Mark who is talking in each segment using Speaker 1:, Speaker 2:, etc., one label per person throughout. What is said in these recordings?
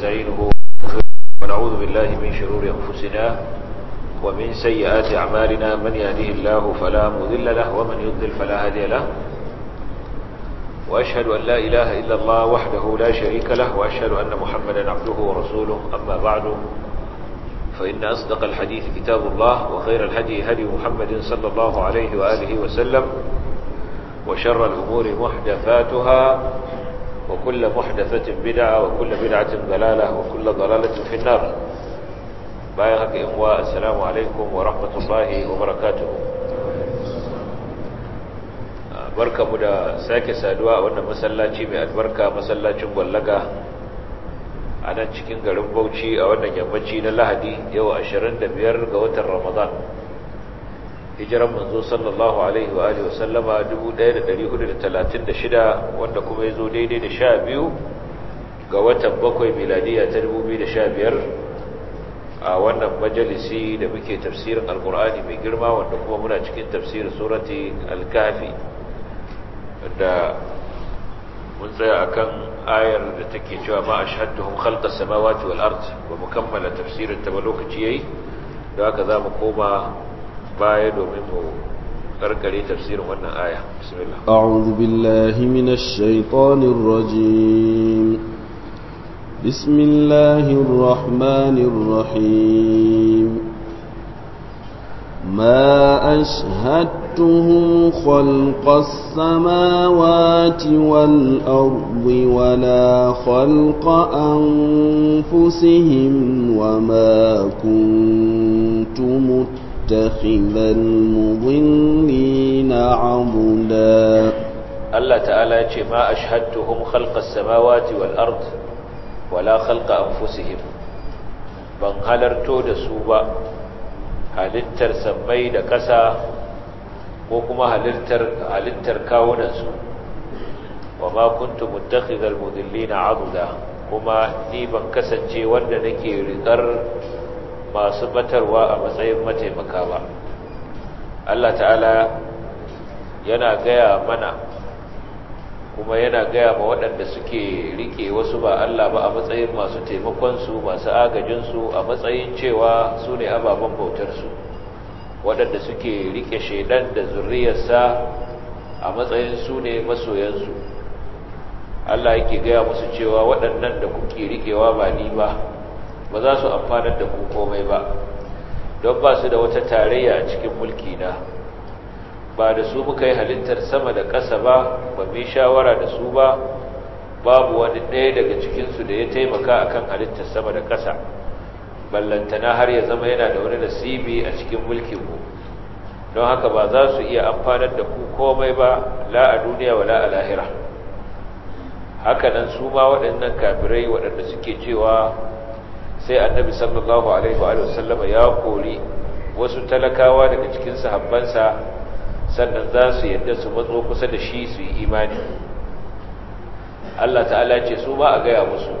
Speaker 1: ونستعينه ونعوذ بالله من شرور أنفسنا ومن سيئات أعمالنا من يهده الله فلا مذل له ومن يضلل فلا هادي له وأشهد أن لا إله إلا الله وحده لا شريك له وأشهد أن محمدا عبده ورسوله أما بعد فإن أصدق الحديث كتاب الله وخير الهدي هدي محمد صلى الله عليه وآله وسلم وشر الأمور محدثاتها وكل محدثة بدعة وكل بدعة ضلالة وكل ضلالة في النار بايغك إمواء السلام عليكم ورحمة الله وبركاته بركة مدى ساكي سادواء وانا مسلاتي من البركة مسلاتي مغلقة أنا cikin garin Bauchi a wannan yammaci na Lahadi yau 25 ga watan Ramadan hijiran manzo sallallahu alaihi wa alihi wasallama 1436 wanda kuma ya zo daidai da biyu ga watan bakwai miladiya ta 2015 a wannan majalisi da muke tafsirin alkur'ani mai girma wanda kuma muna cikin tafsirin surati alkafi da mun tsaya a kan ayar da take cewa ma ashhadduhum khalqas samawati wal ard wa mu tafsirin ta ba lokaci yayi da haka zamu koma baya domin mu karkare tafsirin wannan aya bismillah
Speaker 2: a'udhu billahi minash shaitanir rajim bismillahir rahmanir rahim ما أشهدتهم خلق السماوات والأرض ولا خلق أنفسهم وما كنت متعلم يتخذ المضلين عضدا
Speaker 1: الله تعالى يجي ما أشهدتهم خلق السماوات والأرض ولا خلق أنفسهم ban halarto da su ba halittar sammai da ƙasa ko kuma halittar kawunansu wa ma kuntu muttakhidhal mudillina aduda kuma ni ban kasance wanda nake riƙar masu batarwa a matsayin mataimaka ba Allah ta'ala yana gaya mana kuma yana gaya ma waɗanda suke rike wasu ba Allah ba a matsayin masu taimakonsu masu agajinsu a matsayin cewa su ne ababen bautarsu waɗanda suke rike shaidan da zurriyarsa a matsayin su ne masoyansu Allah yake gaya musu cewa waɗannan da kuke rikewa ba ni ba ba za su amfanar da ku komai ba don ba su da wata tarayya a cikin mulki na ba da su muka yi halittar sama da ƙasa ba ba mai shawara da su ba babu wani ɗaya daga cikinsu da ya taimaka a kan halittar sama da ƙasa ballantana har ya zama yana da wani nasibi a cikin mulkinmu don haka ba za su iya amfanar da ku komai ba la a duniya wa la a lahira hakanan su ma waɗannan kafirai waɗanda suke cewa sai annabi sallallahu alaihi wa sallama ya kori wasu talakawa daga cikin sahabbansa sannan za su yadda su matso kusa da shi su yi imani Allah ta'ala ce su ba a gaya musu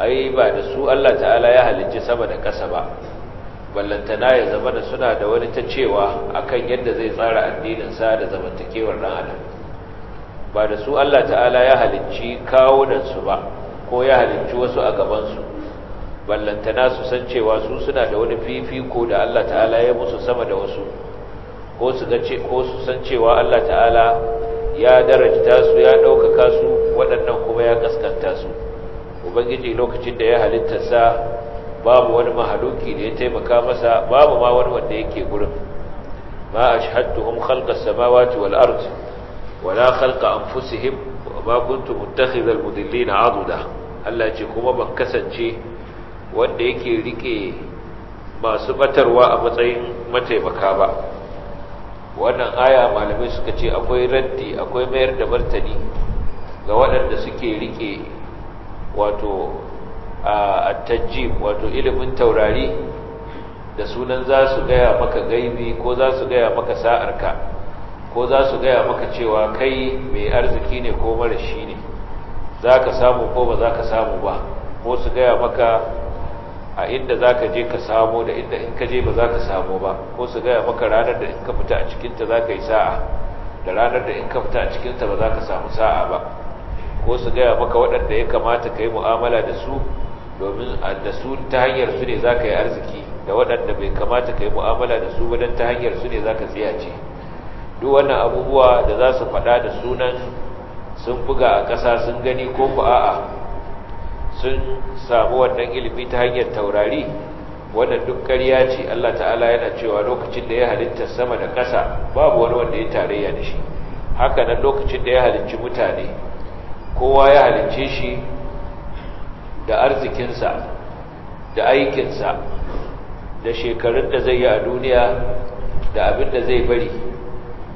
Speaker 1: ai ba da su Allah ta'ala ya halicci sama da ƙasa ba ballantana ya zama da suna da wani ta cewa akan yadda zai tsara addininsa da zamantakewar ɗan adam ba da su Allah ta'ala ya halicci kawunansu ba ko ya halicci wasu a gabansu ballantana su san cewa su suna da wani fifiko da Allah ta'ala ya musu sama da wasu ko su ko su san cewa Allah ta'ala ya darajta su ya ɗaukaka su waɗannan kuma ya kaskanta su ubangiji lokacin da ya halitta sa babu wani mahaluki da ya taimaka masa babu ma wani wanda yake gurin ma ashhadtuhum khalqa samawati wal ard wala khalqa anfusihim wa ma kuntu muttakhidhal mudillina aduda Allah ce kuma ban kasance wanda yake rike masu batarwa a matsayin mataimaka ba wannan aya malamai suka ce akwai raddi akwai mayar da martani ga waɗanda suke rike wato a wato ilimin taurari da sunan za su gaya maka gaibi ko za su gaya maka sa'arka ko za su gaya maka cewa kai mai arziki ne ko mara shi ne za ka samu ko ba za ka samu ba ko su gaya maka a inda za ka je ka samo da inda in ka je ba za ka samo ba ko su gaya maka ranar da in ka fita a cikinta za ka yi sa'a da ranar da in ka fita a cikinta ba za ka samu sa'a ba ko su gaya maka waɗanda ya kamata ka yi mu'amala da su domin da su ta hanyar su ne za ka yi arziki da waɗanda bai kamata ka yi mu'amala da su ba don ta hanyar su ne za ka tsiyace duk wannan abubuwa da za su faɗa da sunan sun buga a ƙasa sun gani ko ku a'a sun samu wannan ilimi ta hanyar taurari wannan duk karya ce Allah ta'ala yana cewa lokacin da ya halitta sama da ƙasa babu wani wanda ya tarayya da shi haka nan lokacin da ya halicci mutane kowa ya halicce shi da arzikinsa da aikinsa da shekarun da zai yi a duniya da abin da zai bari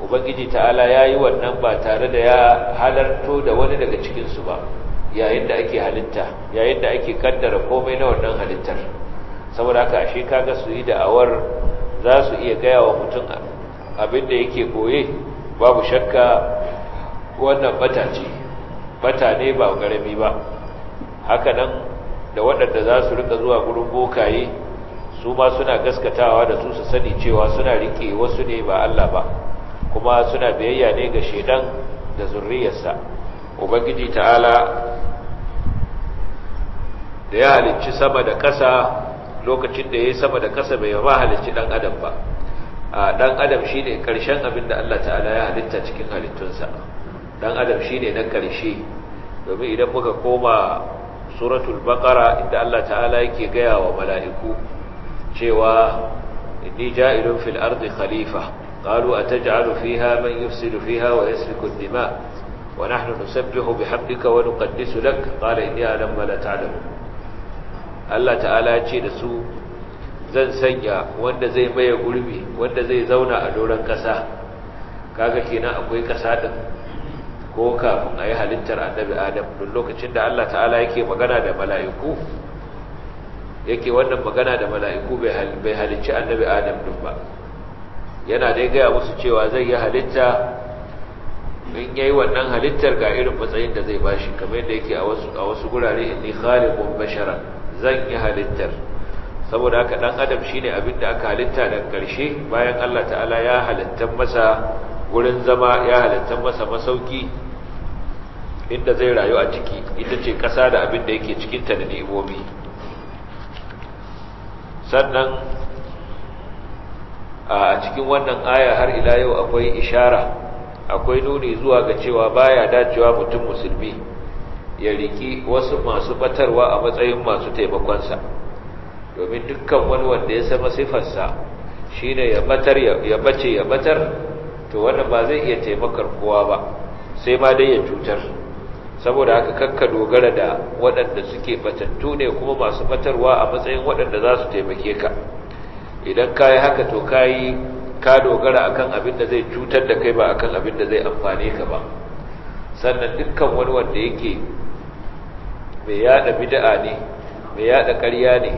Speaker 1: ubangiji ta'ala ya yi wannan ba tare da ya halarto da wani daga cikinsu ba yayin da ake halitta yayin da ake kaddara komai na wannan halittar saboda haka ashe kaga su yi da'awar za su iya gaya wa mutum abin da yake koye babu shakka wannan bata ce bata ne ba garami ba haka nan da waɗanda za su rika zuwa gurin bokaye su ma suna gaskatawa da su su sani cewa suna rike wasu ne ba Allah ba kuma suna biyayya ne ga shedan da zurriyarsa ubangiji ta'ala da ya halicci sama da ƙasa lokacin da ya yi sama da ƙasa bai ba halicci dan adam ba a dan adam shi ne ƙarshen abinda Allah ta'ala ya halitta cikin halittunsa dan adam shi ne na ƙarshe domin idan muka koma suratul baƙara inda Allah ta'ala yake gaya wa mala'iku cewa inni ja'ilun fil ardi khalifa qalu ataj'alu fiha man yufsidu fiha wa yasfiku ad-dima' ونحن نسبح بحمدك ونقدس لك قال إني أعلم ما لا تعلم الله تعالى يجي دسو zan sanya wanda zai maye gurbi wanda zai zauna a doron ƙasa kaga kenan akwai ƙasa din ko kafin a yi halittar annabi adam lokacin da Allah ta'ala yake magana da mala'iku yake wannan magana da mala'iku bai halicci annabi adam din ba yana dai gaya musu cewa zai yi halitta in yayi wannan halittar ga irin matsayin da zai bashi kamar yadda yake a wasu a wasu gurare inni khaliqun bashara zan yi halittar saboda haka dan adam shine abin da aka halitta da karshe bayan Allah ta'ala ya halitta masa gurin zama ya halitta masa masauki inda zai rayu a ciki ita ce kasa da abin da yake cikin ta da nemomi sannan a cikin wannan aya har ila yau akwai ishara akwai nuni zuwa ga cewa baya dacewa mutum musulmi ya riki wasu masu batarwa a matsayin masu taimakonsa domin dukkan wani wanda ya sama sifarsa shine ya ya bace ya batar to wannan ba zai iya taimakar kowa ba sai ma dai ya cutar saboda haka kakka dogara da waɗanda suke batattu ne kuma masu batarwa a matsayin waɗanda za su taimake ka idan ka yi haka to ka yi ka dogara akan abin da zai cutar da kai ba akan abin da zai amfane ka ba sannan dukkan wani wanda yake mai yada bid'a ne mai yada ƙarya ne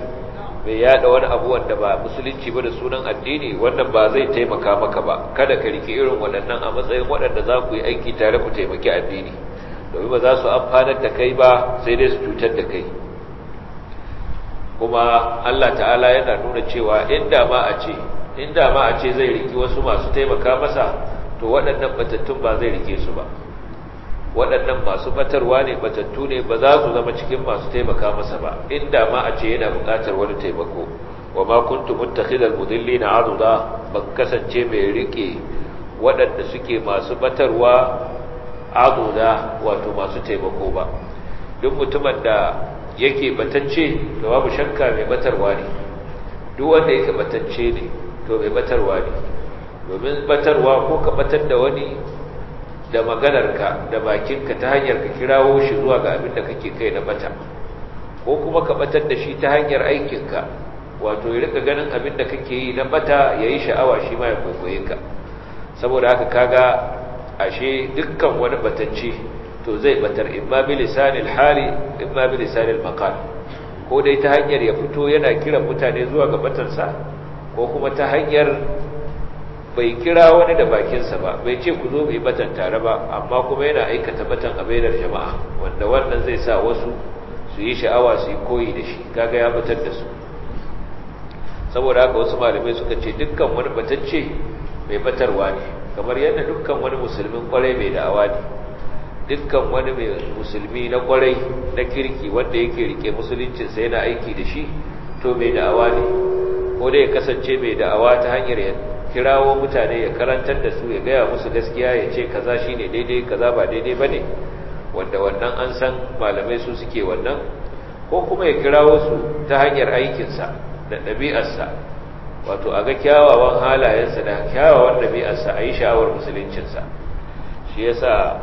Speaker 1: mai yada wani abu wanda ba musulunci ba da sunan addini wannan ba zai taimaka maka ba kada ka rike irin waɗannan a matsayin waɗanda za ku yi aiki tare ku taimaki addini domin ba za su amfanar da kai ba sai dai su cutar da kai kuma Allah ta'ala yana nuna cewa inda ma a ce inda ma a ce zai riki wasu masu taimaka masa to waɗannan batattun ba zai rike su ba waɗannan masu batarwa ne batattu ne ba za su zama cikin masu taimaka masa ba inda ma a ce yana buƙatar wani taimako wa ma kuntu muttakhidal mudillina aduda ban kasance mai rike waɗanda suke masu batarwa aduda wato masu taimako ba duk mutumin da yake batacce to babu shakka mai batarwa ne duk wanda yake batacce ne to mai batarwa ne domin batarwa ko ka batar da wani da maganarka da bakinka ta hanyar ka kirawo shi zuwa ga abin da kake kai na bata ko kuma ka batar da shi ta hanyar aikinka wato ya rika ganin abin da kake yi na bata ya yi sha'awa shi ma ya kwaikwaye ka saboda haka kaga ashe dukkan wani batacce to zai batar imma bi lisanil hali imma bi lisanil maqal ko dai ta hanyar ya fito yana kiran mutane zuwa ga batansa ko kuma ta hanyar bai kira wani da bakinsa ba bai ce ku zo bai batan tare ba amma kuma yana aikata batan a bainar jama'a wanda wannan zai sa wasu su yi sha'awa su yi koyi da shi kaga ya batar da su saboda haka wasu malamai suka ce dukkan wani batacce mai batarwa ne kamar yadda dukkan wani musulmin kwarai mai da'awa ne dukkan wani mai musulmi na kwarai na kirki wanda yake rike musuluncinsa yana aiki da shi to mai da'awa ne ko dai ya kasance mai da'awa ta hanyar ya kirawo mutane ya karantar da su ya gaya musu gaskiya ya ce kaza shine daidai kaza ba daidai ba ne wanda wannan an san malamai su suke wannan ko kuma ya kirawo su ta hanyar aikinsa da ɗabi'arsa wato a ga kyawawan halayensa da kyawawan ɗabi'arsa a yi sha'awar musuluncinsa shi ya sa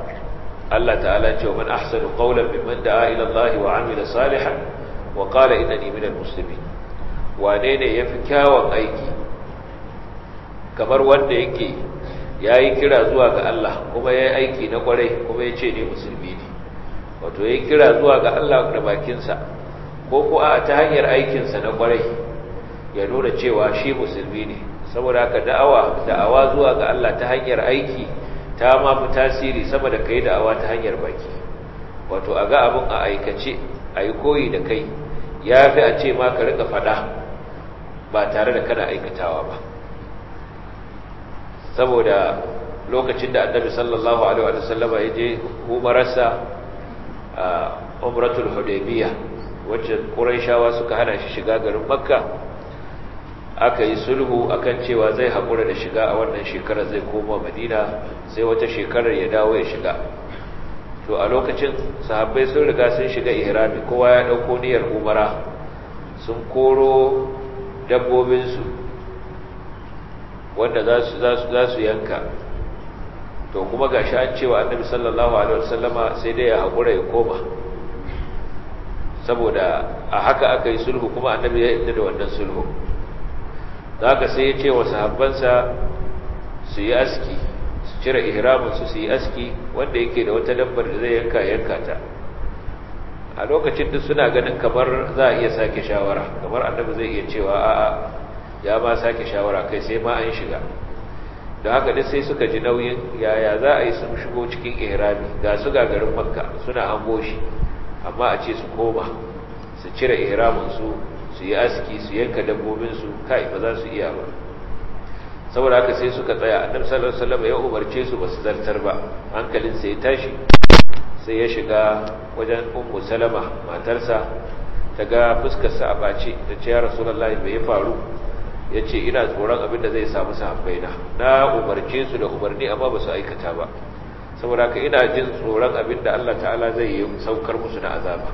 Speaker 1: Allah ta'ala ce wa man ahsanu qawlan mimman da'a ila Allah wa amila salihan wa qala innani minal muslimin wane ne ya fi kyawun aiki kamar wanda yake ya yi kira zuwa ga Allah kuma ya yi aiki na kwarai kuma ya ce ne musulmi ne wato ya kira zuwa ga Allah da bakinsa ko kuwa ta hanyar aikinsa na kwarai ya nuna cewa shi musulmi ne saboda haka da'awa da'awa zuwa ga Allah ta hanyar aiki ta mafi tasiri sama da kai da'awa ta hanyar baki wato a ga abin a aikace a yi koyi da kai ya fi a ce ma ka rika fada ba tare da kada aikatawa ba saboda lokacin da annabi sallallahu alaihi wa sallama ya je umararsa a umratul hudaybiyah wacce shawa suka hana shi shiga garin makka aka yi sulhu akan cewa zai hakura da shiga a wannan shekarar zai koma madina sai wata shekarar ya dawo ya shiga to a lokacin sahabbai sun riga sun shiga ihrami kowa ya ɗauko niyyar umara sun koro dabbobinsu wanda za su yanka to kuma gashi an cewa annabi sallallahu alaihi wasallama sai dai ya haƙura ya koma saboda a haka aka yi sulhu kuma annabi ya inda da wannan sulhu za ka sai ya ce wa sahabbansa su yi aski su cire su su yi aski wanda yake da wata dabbar da zai yanka yanka ta a lokacin da suna ganin kamar za a iya sake shawara kamar annabi zai iya cewa a'a ya ma sake shawara kai sai ma an shiga da haka duk sai suka ji nauyin yaya za a yi sun shigo cikin ihrami ga su garin makka suna hango shi amma a ce su koma su cire ihraminsu su yi aski su yanka dabbobinsu kai ba za su iya ba saboda haka sai suka tsaya annabi sallallahu alaihi wasallam ya umarce su ba su zartar ba hankalin sai ya tashi sai ya shiga wajen ummu salama matarsa ta ga fuskarsa a bace da ce ya rasulullahi mai ya faru ya ce ina tsoron abin da zai samu sahabbaina na umarce su da umarni amma ba su aikata ba saboda ka ina jin tsoron abin da Allah ta'ala zai yi saukar musu na azaba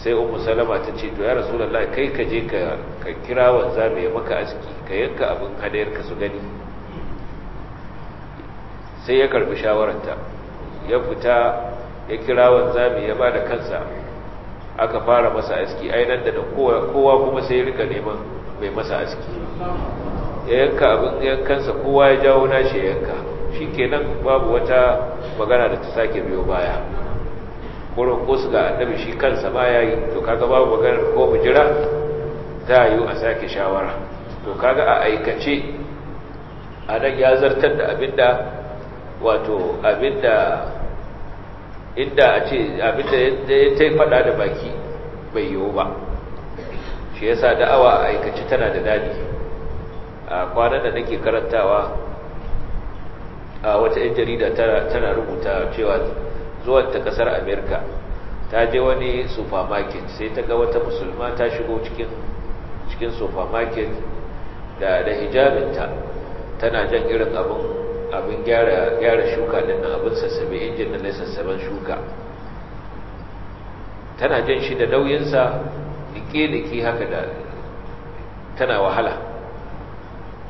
Speaker 1: sai ummu salama ta ce to ya rasulullahi kai ka je ka kira wanza mai maka aski ka yanka abin hadayar ka su gani sai ya karbi shawararta ya fita ya kira wanzami ya bada kansa aka fara masa aski ainihin da kowa kuma sai ya rika neman mai masa aski ya yanka abin yankansa kowa ya jawo nashi ya yanka shi kenan babu wata magana da ta sake biyo baya wurin kusa ga annabi shi kansa ba ya yi to kaga babu magana ko mu jira ta yi a sake shawara to kaga a aikace a nan ya zartar da abin da wato abinda inda a ce abinda ya ta faɗa da baki bai yiwu ba shi yasa da'awa a aikaci tana da daɗi a kwanan da nake karantawa a wata 'yan jarida tana rubuta cewa zuwanta ta ƙasar amerika ta je wani supermarket sai ta ga wata musulma ta shigo cikin cikin supermarket da da hijabinta tana jan irin abin abin gyara shuka din nan abin sassabe injin nan sassaben shuka tana jan shi da nauyinsa liƙe-liƙe haka da tana wahala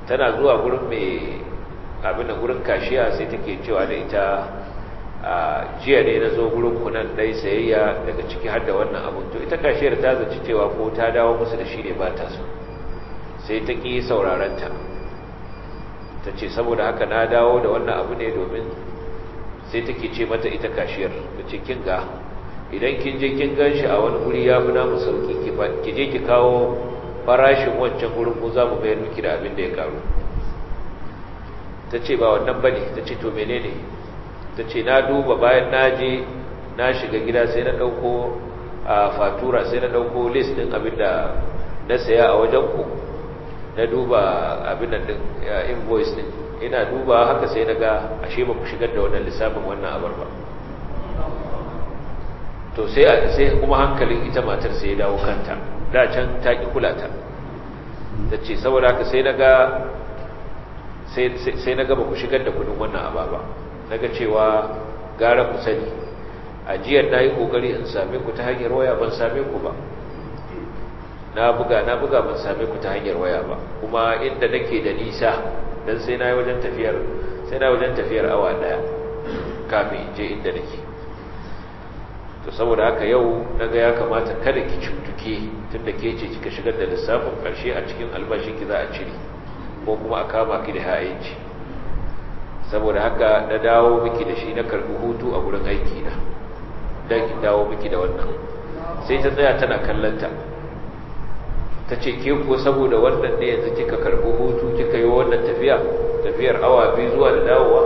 Speaker 1: tana zuwa gurin mai abin da gurin kashiya sai take cewa da ita a jiya ne na zo gurin kunan dai sayayya daga ciki har da wannan abin to ita kashiyar ta zaci cewa ko ta dawo musu da shi ne ba ta so sai ta ƙi saurarenta ta ce saboda haka na dawo da wannan abu ne domin sai take ce mata ita kashiyar ta ce kin ga idan kin je kin gan shi a wani guri ya fi namu sauki ki je ki kawo farashin wancan gurin ko za mu bayar miki da abin da ya karu ta ce ba wannan ba ne ta ce to menene ta ce na duba bayan na je na shiga gida sai na ɗauko a fatura sai na ɗauko list ɗin abin da na saya a wajen ku na duba abin nan invoice din ina duba haka sai daga ashe ba ku shigar da wannan lissafin wannan abar ba to sai sai kuma hankalin ita matar sai ya dawo kanta da can ta ki kula ta tace saboda haka sai daga sai sai naga ba ku shigar da kudin wannan ababa naga cewa gara ku sani ajiyar yi kokari in same ku ta hanyar waya ban same ku ba na buga na buga ban same ku ta hanyar waya ba kuma inda nake da nisa dan sai na wajen tafiyar sai na wajen tafiyar awa daya kafin je inda nake to saboda haka yau naga ya kamata kada ki cutuke tunda ke ce kika shigar da lissafin karshe a cikin albashin ki za a cire ko kuma a kama ki da ha'inci saboda haka na dawo miki da shi na karbi hutu a gurin aiki na dan ki dawo miki da wannan sai ta tsaya tana kallanta ta ce ke ko saboda wannan ne yanzu kika karɓi hutu kika yi wannan tafiya tafiyar awa biyu zuwa da dawowa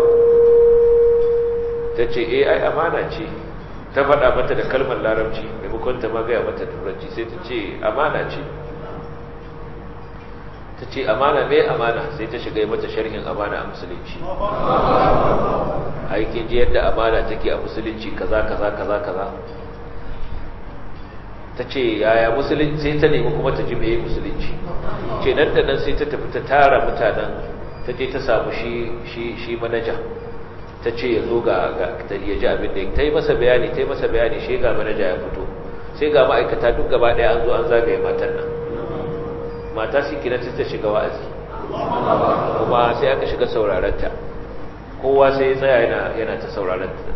Speaker 1: ta ce eh ai amana ce ta faɗa mata da kalmar larabci maimakon ta magaya mata turanci sai ta ce amana ce ta ce amana mai amana sai ta shiga mata sharhin amana a musulunci aikin ji yadda amana take a musulunci kaza kaza kaza kaza ta ce yaya musulunci sai ta nemi kuma ta ji mai musulunci ce nan da nan sai ta tafi ta tara mutanen ta je ta samu shi shi manaja ta ce ya zo ga ya ji abin da ta yi masa bayani ta yi masa bayani shi ga manaja ya fito sai ga ma'aikata duk gaba ɗaya an zo an zagaye matan nan mata su kina ta shiga wa'azi kuma sai aka shiga sauraranta kowa sai ya tsaya yana ta sauraranta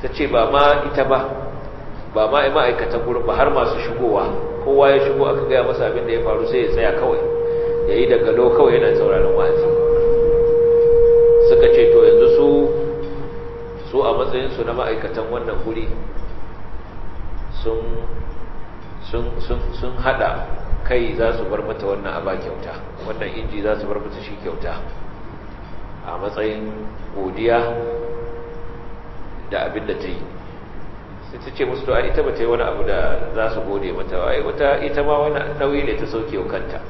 Speaker 1: ta ce ba ma ita ba ba ma ai ma'aikatan gurin ba har masu shigowa kowa ya shigo aka gaya masa abin da ya faru sai ya tsaya kawai ya yi daga lo kawai yana tsauraran wa'azi suka ce to yanzu su su a matsayinsu na ma'aikatan wannan guri sun hada kai za su bar mata wannan aba kyauta wannan inji za su bar mata shi kyauta a matsayin godiya da abin da ta yi sai ta ce musu to ita ba ta yi wani abu da za su gode mata ai wata ita ma wani nauyi ne ta sauke wa kanta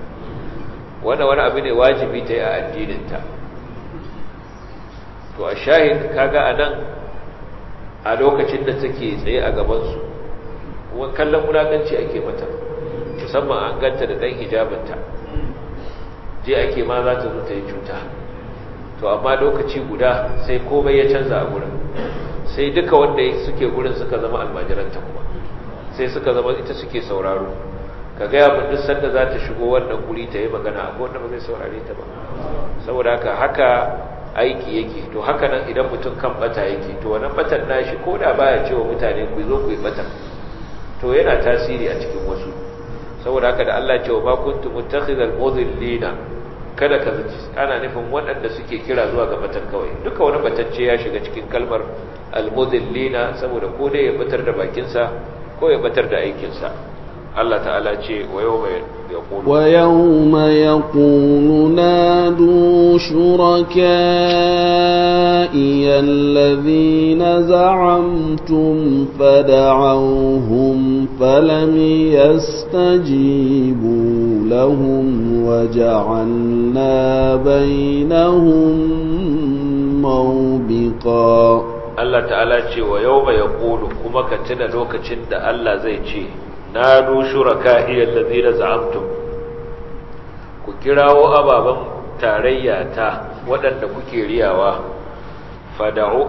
Speaker 1: wani wani abu ne wajibi ta yi a addininta to a shahin kaga a nan a lokacin da take tsaye a gabansu kallon wulaƙanci ake mata musamman an ganta da ɗan hijabinta je ake ma za ta zo ta yi cuta to amma lokaci guda sai komai ya canza a gurin sai duka wanda suke gurin suka zama almajiranta kuma sai suka zama ita suke sauraro ka gaya mun duk sanda za ta shigo wannan guri ta yi magana a wanda ba zai saurare ta ba saboda haka haka aiki yake to haka nan idan mutum kan bata yake to wannan batan nashi ko da baya cewa mutane ku zo ku yi batan to yana tasiri a cikin wasu saboda haka da Allah ya ce wa ma kuntum muttakhidhal mudhillina kada ka zaci ana nufin waɗanda suke kira zuwa ga batar kawai duka wani batacce ya shiga cikin kalmar almuzillina saboda ko dai ya batar da bakinsa ko ya batar da aikinsa Allah ta'ala ce wa yau mai
Speaker 2: yaƙulu wa yau mai yaƙulu na du shuraka iyallazi na za'amtum fada'auhum falami yastajibu lahum wa ja'alna bainahum mawbiqa Allah
Speaker 1: ta'ala ce wa yau mai yaƙulu kuma ka tuna lokacin da Allah zai ce nadu shuraka'i da za'amtum ku kirawo ababen tarayya ta waɗanda kuke riyawa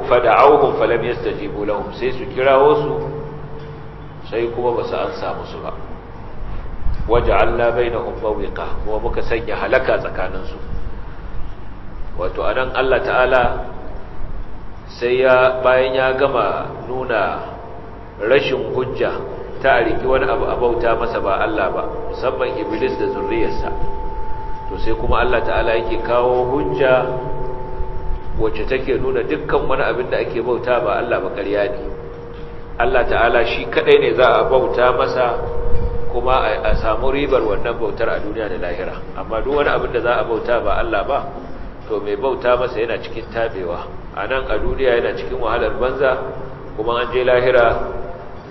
Speaker 1: fada'auhum falam yastajibu lahum sai su kirawo su sai kuma ba su ansa musu ba waja'alna bainahum mawiqa kuma muka sanya halaka tsakanin su wato anan Allah ta'ala sai ya bayan ya gama nuna rashin hujja ta riki wani abu a bauta masa ba Allah ba musamman iblis da zurriyarsa to sai kuma Allah ta'ala yake kawo hujja wacce take nuna dukkan wani abin da ake bauta ba Allah ba ƙarya ne Allah ta'ala shi kadai ne za a bauta masa kuma a samu ribar wannan bautar a duniya da lahira amma duk wani abin da za a bauta ba Allah ba to mai bauta masa yana cikin tabewa a nan a duniya yana cikin wahalar banza kuma an je lahira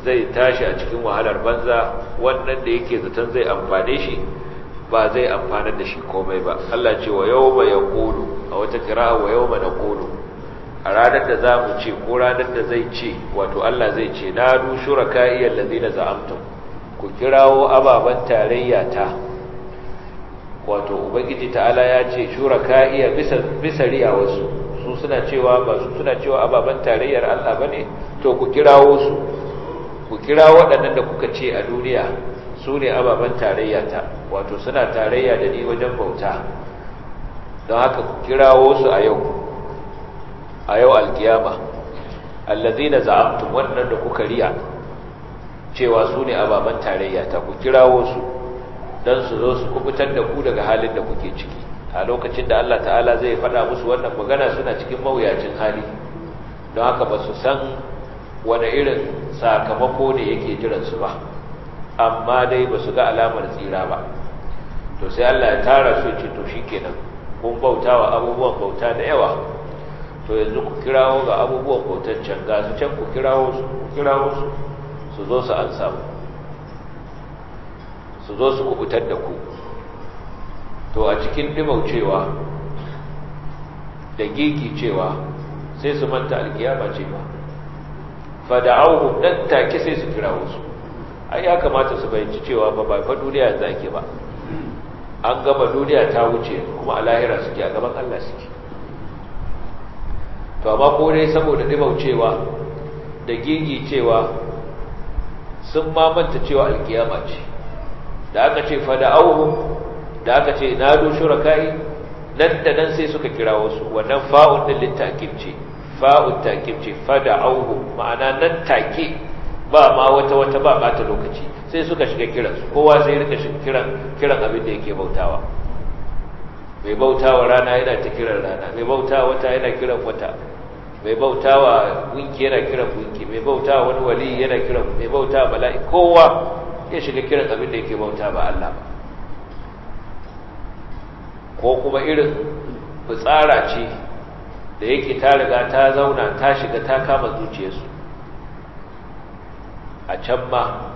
Speaker 1: zai tashi a cikin wahalar banza wannan da yake zaton zai amfane shi ba zai amfanar da shi komai ba Allah ce wa ya kodo a wata kira wa na kodo, a ranar da za mu ce ko ranar da zai ce wato Allah zai ce na du shuraka'i allazina za'amtum ku kirawo ababen tarayya ta wato ubangiji ala ya ce shura ka'iyar bisa riya wasu su suna cewa ba su suna cewa ababen tarayyar Allah ne to ku kirawo su ku kira waɗannan da kuka ce a duniya su ne ababen tarayya ta wato suna tarayya da ni wajen bauta don haka ku kirawo su a yau a yau alkiyama na za'amtum wannan da kuka riya cewa su ne ababen tarayya ta ku kirawo su don su zo su kubutar da ku daga halin da kuke ciki a lokacin da Allah ta'ala zai faɗa musu wannan magana suna cikin mawuyacin hali don haka ba su san wani irin sakamako ne yake su ba amma dai ba su ga alamar tsira ba to sai Allah ya tara su ce to shi kenan kun bauta wa abubuwan bauta da yawa to yanzu ku kirawo ga abubuwan bautar can ga su can ku kirawo su ku kirawo su su zo su an samu su zo su kubutar da ku to a cikin dimaucewa da gigi cewa sai su manta alkiyama ce ba Fada auhu dan take sai su kira wasu. ai ya kamata su bayyana cewa ba ba fa duniya yanzu ake ba an gama duniya ta wuce kuma a lahira suke a gaban Allah suke to amma ko dai saboda cewa da gigi cewa sun mamanta cewa alkiyama ce da aka ce fa da aka ce na do shuraka'i nan da nan sai suka kira wasu wannan fa'un din ce fa'u takib ce auhu ma'ana nan take ba ma wata wata ba ɓata lokaci sai suka shiga kiran su kowa sai rika shiga kiran abin da yake bautawa mai bautawa rana yana ta kiran rana mai bautawa wata yana kiran wata mai bautawa winki yana kiran winki mai bautawa wani wali yana kiran mai bautawa bala'i kowa ya shiga kiran abin da yake bauta ba Allah ba ko kuma irin fitsara ce da yake ta riga ta zauna ta shiga ta kama zuciyarsu a can ma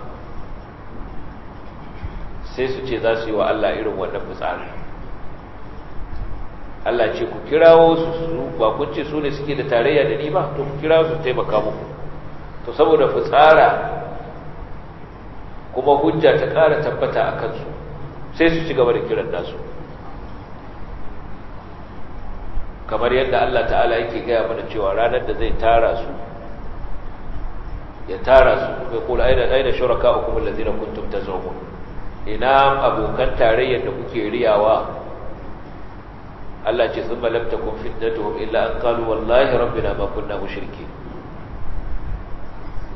Speaker 1: sai su ce za su yi wa Allah irin wannan fitsari Allah ce ku kirawo su ba kun ce su ne suke da tarayya da ni ba to ku kirawo su taimaka muku to saboda fitsara kuma hujja ta ƙara tabbata a kansu sai su ci gaba da kiran nasu kamar yadda Allah ta'ala yake gaya mana cewa ranar da zai tara su ya tara su ya kula aina aina shuraka'ukum allazina kuntum tazumun ina abokan tarayyar da kuke riyawa Allah ce sun lam takun fitnatuhum illa an wallahi rabbina ma kunna mushrikeen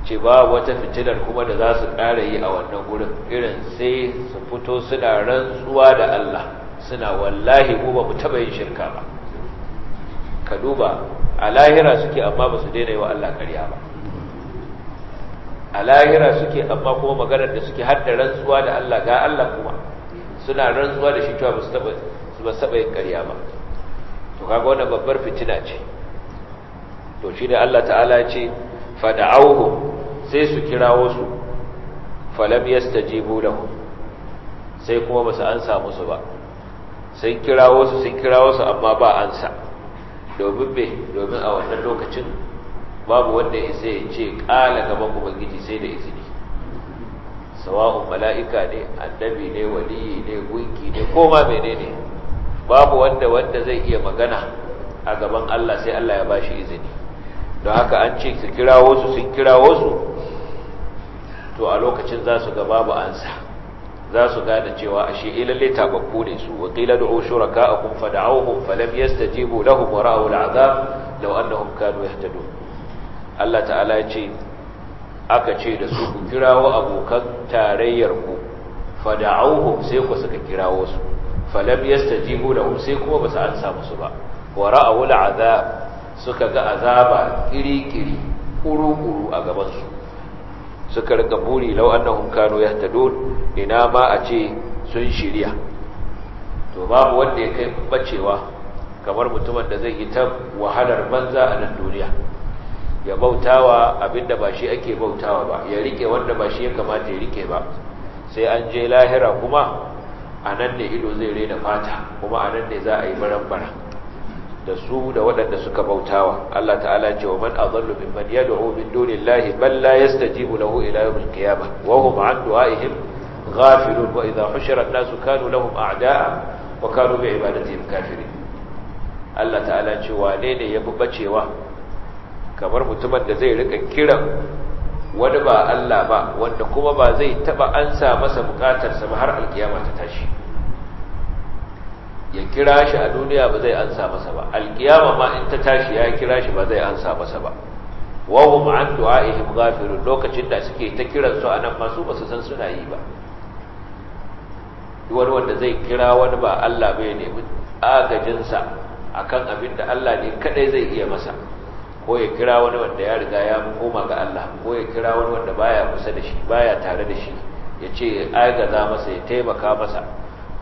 Speaker 1: ce ba wata fitinar kuma da za su ƙara yi a wannan gurin irin sai su fito suna rantsuwa da Allah suna wallahi mu ba mu taɓa yin shirka ba ka duba a lahira suke amma ba su daina yi wa Allah ƙarya ba a lahira suke amma kuma maganar da suke hadda rantsuwa da Allah ga Allah kuma suna rantsuwa da shi cewa ba su taba su ba saba yin ƙarya ba to kaga wannan babbar fitina ce to shi da Allah ta'ala ya ce fad'auhu sai su kirawo su falam yastajibu lahu sai kuma ba su ansa musu ba sun kirawo su sun kirawo su amma ba ansa domin me domin a wannan lokacin babu wanda ya sai ce ƙala gaban ubangiji sai da izini sawa'un mala'ika ne annabi ne waliyi ne gunki ne koma menene babu wanda wanda zai iya magana a gaban Allah sai Allah ya bashi izini don haka an ce su kirawo su sun kirawo su to a lokacin za su ga babu ansa za su gane cewa ashe eh lalle tababbu ne su wa qila du'u shuraka'akum fad'awhum falam yastajibu lahum wa ra'u al'azab law annahum kanu yahtadun Allah ta'ala ya ce aka ce da su ku kirawo abokan tarayyar ku fad'awhum sai ku suka kirawo su falam yastajibu lahum sai kuma ba su ansa musu ba wa ra'u al'azab suka ga azaba kiri-kiri kuru-kuru a gaban su suka rinka buri law annahum kanu yahtadun ina ma a ce sun shirya to babu wanda ya kai bacewa kamar mutumin da zai yi ta wahalar banza a nan duniya ya bautawa abinda ba shi ake bautawa ba ya rike wanda ba shi ya kamata ya rike ba sai an je lahira kuma a nan ne ido zai rena fata kuma a nan ne za a yi baran-baran da su da waɗanda suka bautawa Allah ta'ala ce wa man adallu mimman yad'u min dunillahi bal la yastajibu lahu ila yawmil qiyamah wa hum 'an du'a'ihim ghafilun wa idha hushira an-nasu kanu lahum a'da'a wa kanu bi ibadatihim kafirin Allah ta'ala ce wa ne ya fi bacewa kamar mutumin da zai rika kiran wani ba Allah ba wanda kuma ba zai taba ansa masa bukatarsa ba har alkiyama ta tashi ya kira shi a duniya ba zai ansa masa ba alkiyama ma in ta tashi ya kira shi ba zai ansa masa ba wa hum an du'aihim ghafirun lokacin da suke ta kiran su anan ma su basu san suna yi ba wani wanda zai kira wani ba Allah bai nemi agajin sa akan abin da Allah ne kadai zai iya masa ko ya kira wani wanda ya riga ya koma ga Allah ko ya kira wani wanda baya kusa da shi baya tare da shi ya ce agaza masa ya taimaka masa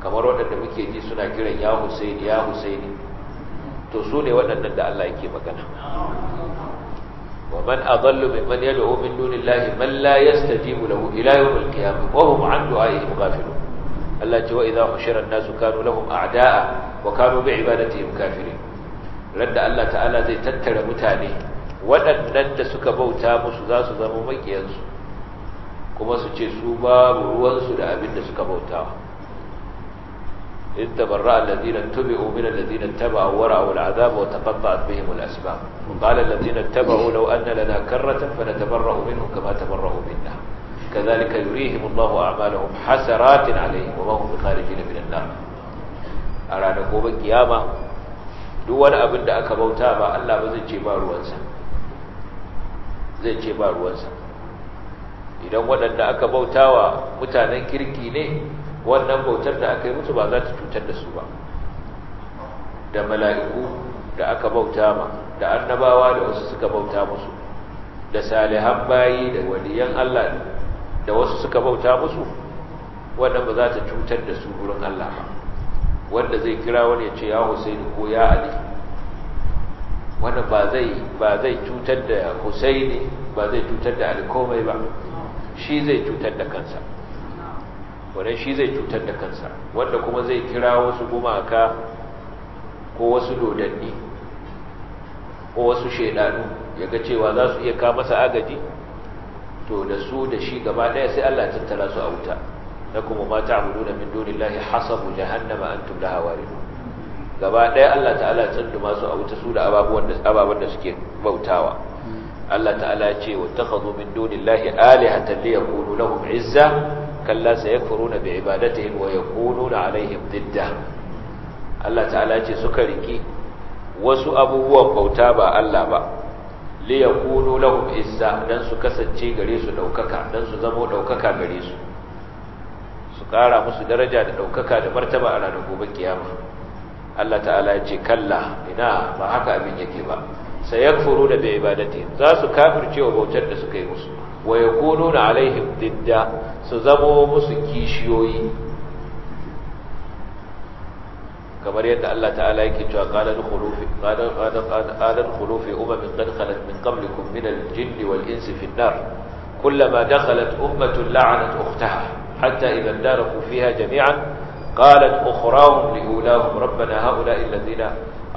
Speaker 1: kamar waɗanda muke ji suna kiran ya husaini ya husaini to su ne waɗannan da Allah yake magana wa man adallu mimman yad'u min dunillahi man la yastajibu lahu ila yawmil qiyamah wa hum an du'a'ihim ghafilun Allah ce wa idza hushira an-nasu kanu lahum a'da'a wa kanu bi ibadatihim kafirin radda Allah ta'ala zai tattara mutane waɗannan da suka bauta musu za su zama makiyansu kuma su ce su babu ruwansu da abin da suka bautawa إذ تبرأ الذين اتبعوا من الذين اتبعوا ورأوا العذاب وتقطعت بهم الأسباب وقال الذين اتبعوا لو أن لنا كرة فنتبرأ منهم كما تبرأوا منا كذلك يريهم الله أعمالهم حسرات عليهم وما هم بخارجين من النار أرانا قوم القيامة دول أبن دأك موتابا ألا بزن جبار وانسا زن جبار وانسا إذا ولن دأك موتاوا متانا كركي نه wannan bautar da aka yi musu ba za ta cutar da su ba da mala'iku da aka bauta ma da annabawa da wasu suka bauta musu da salihan bayi da waliyan Allah da wasu suka bauta musu wannan ba za ta cutar da su wurin Allah ba wanda zai kira wani ya ce ya Husaini ko ya Ali wannan ba zai ba zai cutar da Husaini ba zai cutar da Ali komai ba shi zai cutar da kansa wannan shi zai cutar da kansa wanda kuma zai kira wasu gumaka ko wasu dodanni ko wasu shedanu yaga cewa za su iya ka masa agaji to da su da shi gaba daya sai Allah tattara su a wuta lakum ma ta'buduna min dunillahi hasabu jahannama antum laha waridun gaba daya Allah ta'ala ya tsunduma a wuta su da ababuwan da suke bautawa hmm. Allah ta'ala ya ce wa takhadhu min dunillahi alihatan liyakunu lahum izza kalla sayakfuruna bi ibadatihim wa yakununa alaihim didda Allah ta'ala ce suka riki wasu abubuwan bauta ba Allah ba li yakunu lahum izza dan su kasance gare su daukaka dan su zama daukaka gare su su kara musu daraja da daukaka da martaba a ranar gobe kiyama Allah ta'ala ya ce kalla ina ba haka abin yake ba sayakfuru da bi ibadati za su kafirce wa bautar da suka yi musu wa yakununa alaihim didda su zamo musu kishiyoyi kamar yadda Allah ta'ala yake cewa qalan khulufi qalan qalan khulufi umamin qad khalat min qablikum min al-jinni wal-insi fi an-nar kullama dakhalat كلما دخلت أمة لعنت أختها حتى إذا انداركوا فيها جميعا قالت rabbana لأولاهم ربنا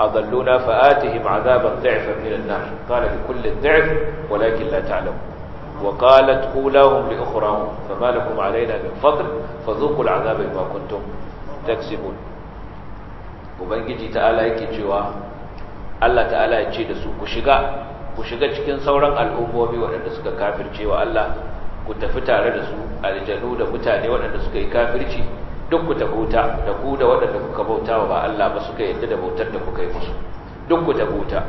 Speaker 1: adalluna fa'atihim 'adaban فآتهم min an-nar qala bi kulli الضعف walakin la تعلمون وقالت أولاهم لأخراهم فما لكم علينا من فضل فذوقوا العذاب بما كنتم تكسبون ubangiji ta'ala yake cewa Allah ta'ala ya ce da su ku shiga ku shiga cikin sauran al'ummomi waɗanda suka kafirce wa Allah ku tafi tare da su aljanu da mutane waɗanda suka yi kafirci duk ku tabuta da ku da waɗanda kuka bautawa ba Allah ba suka yadda da bautar da kuka yi musu duk ku tabuta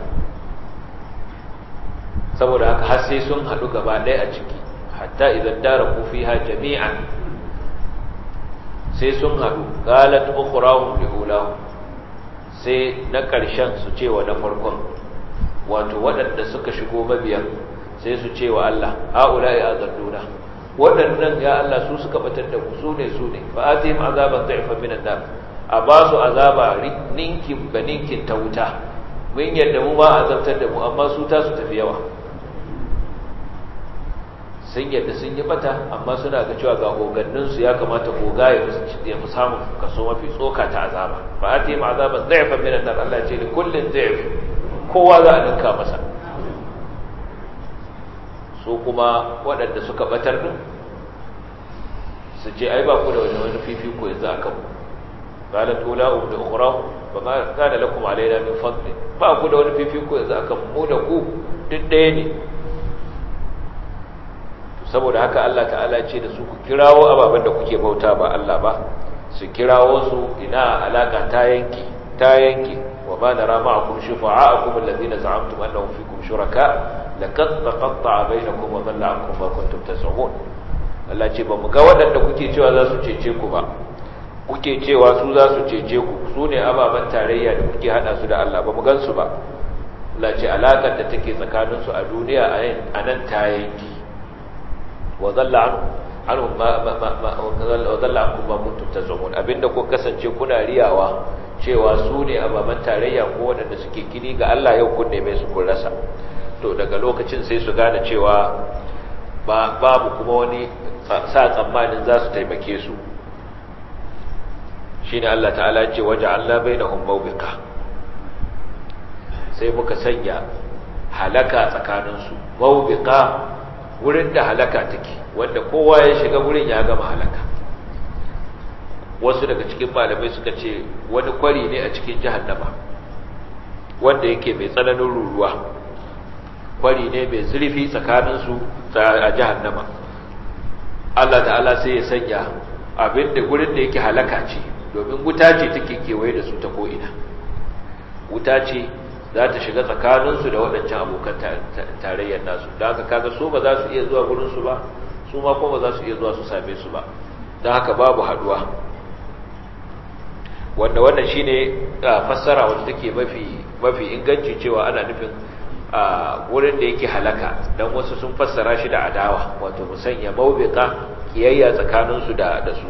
Speaker 1: saboda haka har sai sun haɗu gaba ɗaya a ciki hatta idan dara kufi ha jami'an sai sun haɗu galat ukhrahu bi ulahu sai na ƙarshen su ce wa na farkon wato waɗanda suka shigo mabiyan sai su ce wa Allah ulai azalluna waɗannan ya Allah su suka batar da ku su ne su ne fa atihim azaban da'ifan minan nar a ba su azaba ninkin ba ninkin ta wuta mun yadda mu ba azabtar da mu amma su ta su tafi yawa sun yadda sun yi bata amma suna ga cewa ga goganninsu ya kamata goga ya fi samun kaso mafi tsoka ta azaba ba a ta yi ma'azaba zai minan nan Allah ce da kullum zai fi kowa za a ninka masa su kuma waɗanda suka batar ɗin su ce ai ba ku da wani wani fifiko yanzu a kanmu قالت أولاهم لأخراهم فما كان lakuma alaina min fadli ba ku da wani fifiko yanzu akan mu da ku duk ɗaya ne saboda haka Allah ta'ala ce da su ku kirawo ababen da kuke bauta ba Allah ba su kirawo su ina alaka ta yanki ta yanki wa ma nara ma'akum shufa'akum alladhina za'amtum annahum fikum shuraka laqad taqatta'a bainakum wa dhalla ankum ma kuntum tas'umun Allah ce ba mu ga waɗanda kuke cewa za su cece ku ba kuke cewa su za su cece ku su ne ababen tarayya da kuke hada su da Allah ba mu gansu ba Allah ce alakar da take tsakaninsu a duniya a nan ta yanki Wazalla zalla ma abinda ku kasance kuna riyawa cewa su ne baban tarayya ko waɗanda suke gini ga Allah yau kun neme su kun rasa to daga lokacin sai su gane cewa babu kuma wani sa tsammanin za su taimake su shine Allah ta'ala ce na bainahum mawbiqa sai muka sanya halaka tsakaninsu maubika wurin da halaka take wanda kowa ya shiga wurin ya gama halaka wasu daga cikin malamai suka ce wani kwari ne a cikin jahannama wanda yake mai tsananin ruruwa kwari ne mai zurfi tsakaninsu a jahannama Allah ta'ala sai ya sanya abinda wurin da yake halaka ce domin wuta ce take kewaye da su ta ko'ina wuta ce za ta shiga tsakaninsu da waɗancan abokan tarayyar nasu da haka kaga su ba za su iya zuwa gurinsu ba su ma kuma za su iya zuwa su same su ba don haka babu haduwa wanda wannan shi ne fassara wanda take mafi inganci cewa ana nufin wurin da yake halaka don wasu sun fassara shi da adawa wato musanya maubika kiyayya tsakaninsu da su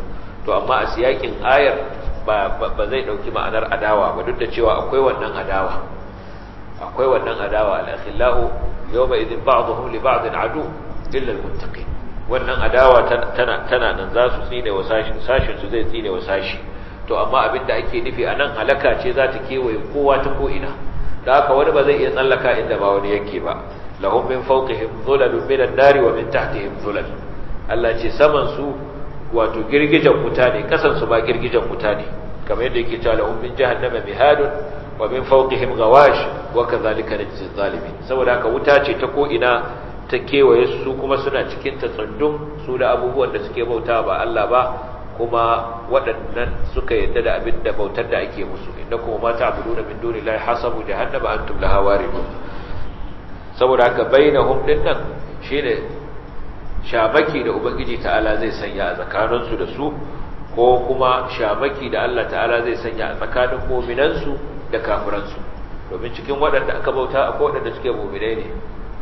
Speaker 1: to amma a siyakin ayar ba zai ɗauki ma'anar adawa ba duk da cewa akwai wannan adawa akwai wannan adawa al-akhillau yawma idin ba'dhum li ba'din adu illa al wannan adawa tana tana nan za su tsine wa sashin sashin su zai tsine wa sashi to amma abinda ake nufi anan halaka ce za ta kewaye kowa ta ko ina da haka wani ba zai iya tsallaka inda ba wani yake ba lahum min fawqihim dhulalun min an-nari wa min tahtihim dhulal Allah ce saman su wato girgijan wuta ne kasan su ba girgijan wuta ne kamar yadda yake cewa lahum min jahannama mihadun wa min fawqihim ghawash wa kadhalika najzi zalimin saboda haka wuta ce ta ko ina ta kewaye su kuma suna cikin ta tsundum su da abubuwan da suke bauta ba Allah ba kuma waɗannan suka yadda da abin da bautar da ake musu inda kuma ma ta'buduna min dunillahi hasabu jahannama antum laha waridun saboda haka bainahum dinnan shine shamaki da ubangiji ta'ala zai sanya a tsakaninsu da su ko kuma shamaki da Allah ta'ala zai sanya a tsakanin mu'minansu da kafiransu domin cikin waɗanda aka bauta akwai waɗanda suke mu'minai ne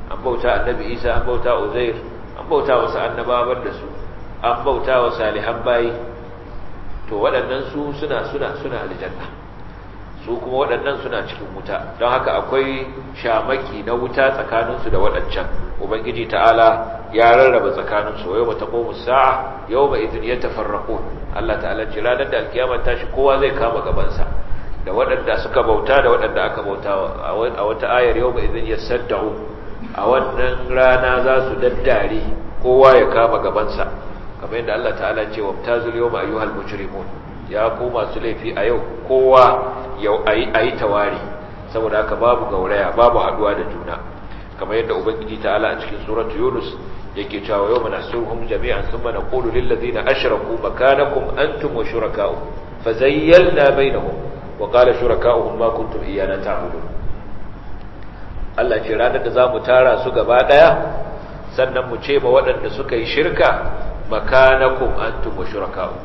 Speaker 1: an bauta annabi isa an bauta uzair an bauta wasu annabawan da su an bauta wa salihan bayi to waɗannan su suna suna suna aljanna su kuma waɗannan suna cikin wuta don haka akwai shamaki na wuta tsakaninsu da waɗancan ubangiji ta'ala ya rarraba tsakaninsu yau mata komu sa'a yau ma idin ya tafarraƙo Allah ta'ala ce ranar da alkiyamar tashi kowa zai kama gabansa da waɗanda suka bauta da waɗanda aka bauta a wata ayar yau ba ya saddahu. a wannan rana za su daddare kowa ya kama gabansa kamar yadda Allah ta'ala ce wa tazul yawma ayyuhal mujrimun ya ku masu laifi a yau kowa yau ayi ta tawari saboda haka babu gauraya babu haduwa da juna kamar yadda ubangiji ta'ala a cikin suratu yunus yake cewa yawma nasuhum jami'an thumma naqulu lil ladina ashraku makanakum antum wa fa zayyalna bainahum wa qala shuraka'uhum ma kuntum iyana ta'budun Allah ce ranar da zamu tara su gaba daya sannan mu ce ma waɗanda suka yi shirka makanakum antum wa shuraka'u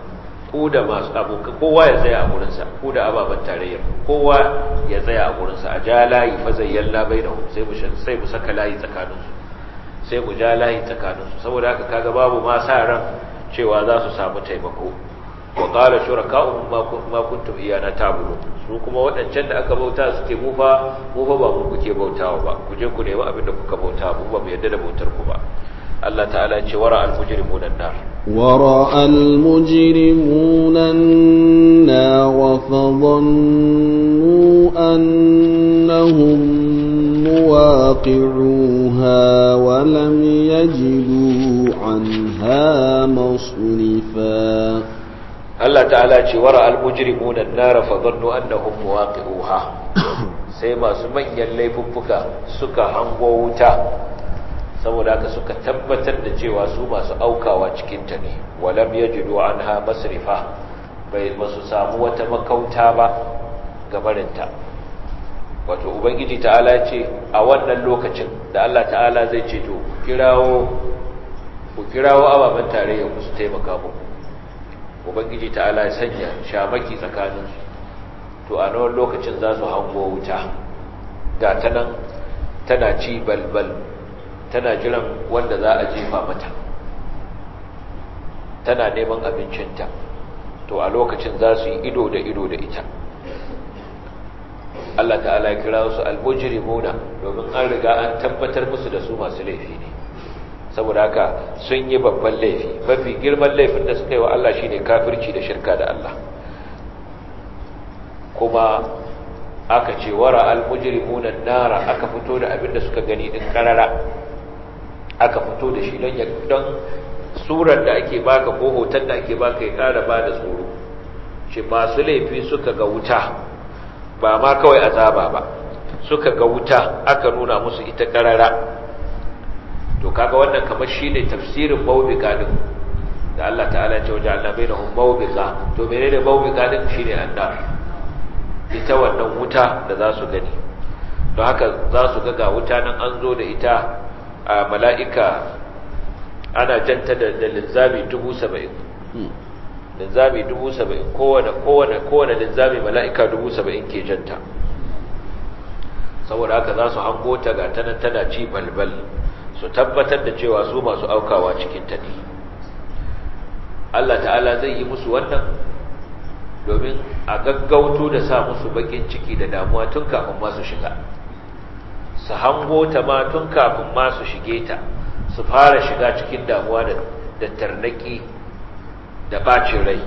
Speaker 1: ku da masu abokan kowa ya tsaya a gurin sa ku da ababan tarayyar kowa ya tsaya a gurin sa a ja layi fa zayyalla bainahum sai mu sai mu saka layi tsakaninsu sai mu ja layi tsakaninsu saboda haka kaga babu ma sa ran cewa za su samu taimako wa qala shuraka'uhum ma kuntum iyana ta'budun su kuma waɗancan da aka bauta suke ce mu fa ba mu kuke bautawa ba ku je ku nemi abin da kuka bauta mu ba mu yadda da bautar ku ba Allah ta'ala ce wara al-mujrimuna an
Speaker 2: wara al-mujrimuna an-nar fa annahum muwaqi'uha wa lam yajidu 'anha masrifa Allah ta'ala ce wara
Speaker 1: al-mujrimuna an-nar fa dhannu annahum muwaqi'uha sai masu manyan laifuffuka suka hango wuta saboda haka suka tabbatar da cewa su masu aukawa cikin ta ne walam yajidu anha masrifa bai masu samu wata makauta ba gabarinta wato ubangiji ta'ala ce a wannan lokacin da Allah ta'ala zai ce to kirawo ku kirawo ababen tare ya su taimaka muku ubangiji ta'ala ya sanya shamaki su to a nan lokacin za su hango wuta ga ta nan tana ci balbal tana jiran wanda za a jefa mata tana neman abincinta to a lokacin za su yi ido da ido da ita Allah ta'ala ya kira su al-mujrimuna domin an riga an tabbatar musu da su masu laifi ne saboda haka sun yi babban laifi mafi girman laifin da suka yi wa Allah shine kafirci da shirka da Allah kuma aka ce wara al-mujrimuna nara aka fito da abin da suka gani din karara aka fito da shi don ya don surar da ake baka ko hoton da ake baka ya kara ba tsoro ce masu laifi suka ga wuta ba ma kawai azaba ba suka ga wuta aka nuna musu ita karara to kaga wannan kamar shine tafsirin mawbiqa din da Allah ta'ala ya waje Allah bai da hun mawbiqa to menene mawbiqa din shine annar ita wannan wuta da za su gani don haka za su ga ga wuta nan an zo da ita a mala'ika ana janta da linzami 70 hmm. linzami 70 kowane kowane kowane linzami mala'ika 70 ke janta saboda haka za su hango ta ga tana ci balbal su tabbatar da cewa su masu aukawa cikin ta Allah ta'ala zai yi musu wannan domin a gaggauto da sa musu bakin ciki da damuwa tun kafin ma su shiga su hango ta ma tun kafin ma su shige ta su fara shiga cikin damuwa da tarnaki da bacin rai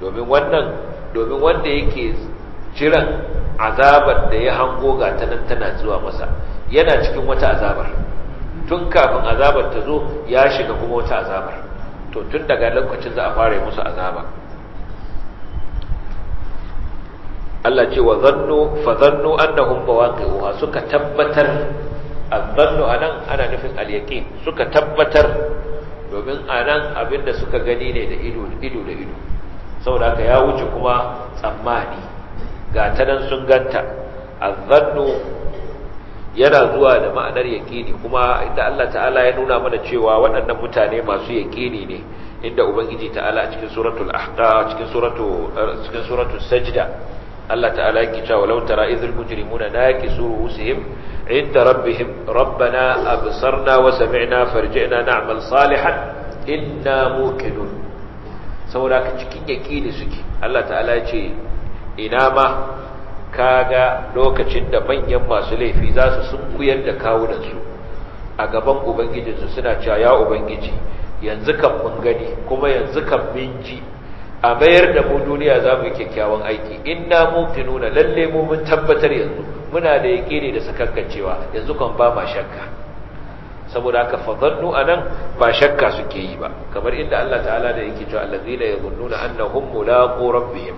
Speaker 1: domin wannan domin wanda yake jiran azabar da ya hango ga tanan tana zuwa masa yana cikin wata azabar tun kafin azabar ta zo ya shiga kuma wata azabar to tun daga lokacin za a fara musu azaba Allah ce wa zannu fa zannu annahum bawaqi'uha suka tabbatar azannu anan ana nufin al-yaqin suka tabbatar domin anan abinda suka gani ne da ido da ido da ido saboda haka ya wuce kuma tsammani ga ta sun ganta azannu yana zuwa da ma'anar yaƙini kuma inda Allah ta'ala ya nuna mana cewa waɗannan mutane masu yaƙini ne inda ubangiji ta'ala a cikin suratul ahqa cikin suratu cikin suratul sajda Allah ta'ala yake cewa law tara idhil mujrimuna naqisu ruhusihim inda rabbihim rabbana absarna wa sami'na farji'na na'mal salihan inna muqinun saboda cikin yaƙini suke Allah ta'ala ya ce ina ma kaga lokacin da manyan masu laifi za su sunkuyar da kawunansu a gaban ubangijinsu suna cewa ya ubangiji yanzu kan mun gani kuma yanzu kan mun ji a bayar da mu duniya za mu yi kyakkyawan aiki inna nuna, lalle mu mun tabbatar yanzu muna da yaqini da sakakkacewa yanzu kan ba ma shakka saboda haka a nan, ba shakka suke yi ba kamar inda Allah ta'ala da yake cewa allazina yadhunnuna annahum mulaqu rabbihim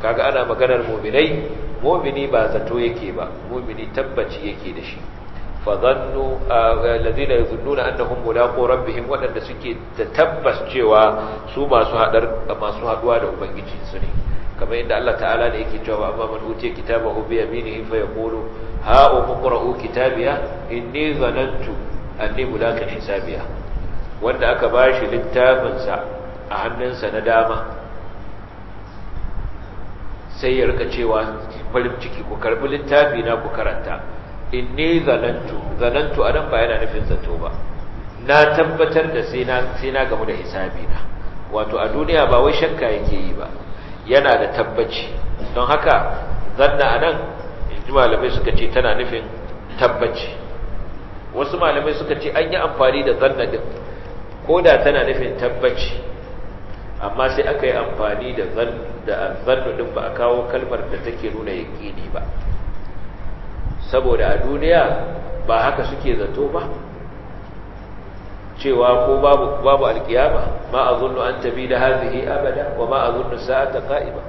Speaker 1: kaga ana maganar mu'minai mu'mini ba zato yake ba mu'mini tabbaci yake da shi fa zannu alladhina yadhunnuna annahum mulaqu rabbihim wadanda suke da tabbas cewa su masu hadar masu haduwa da ubangiji su ne kamar inda Allah ta'ala ne yake cewa amma man uti kitabahu bi yaminihi fa yaqulu ha uqra'u kitabiya inni zanantu anni mulaqin hisabiya wanda aka bashi littafin sa a hannunsa na dama sai ya rika cewa farin ciki ku karbi littafi na ku karanta inni zalantu zalantu anan ba yana nufin zato ba na tabbatar da sai na gamu da hisabi na wato a duniya ba wai shakka yake yi ba yana da tabbaci don haka zanna anan malamai suka ce tana nufin tabbaci wasu malamai suka ce an yi amfani da zanna din ko da tana nufin tabbaci amma sai aka yi amfani da zannu din ba a kawo kalmar da take nuna yaƙini ba saboda a duniya ba haka suke zato ba cewa ko babu babu alkiyama ma azunnu an tabi da hazihi abada wa ma azunnu sa'ata qa'ima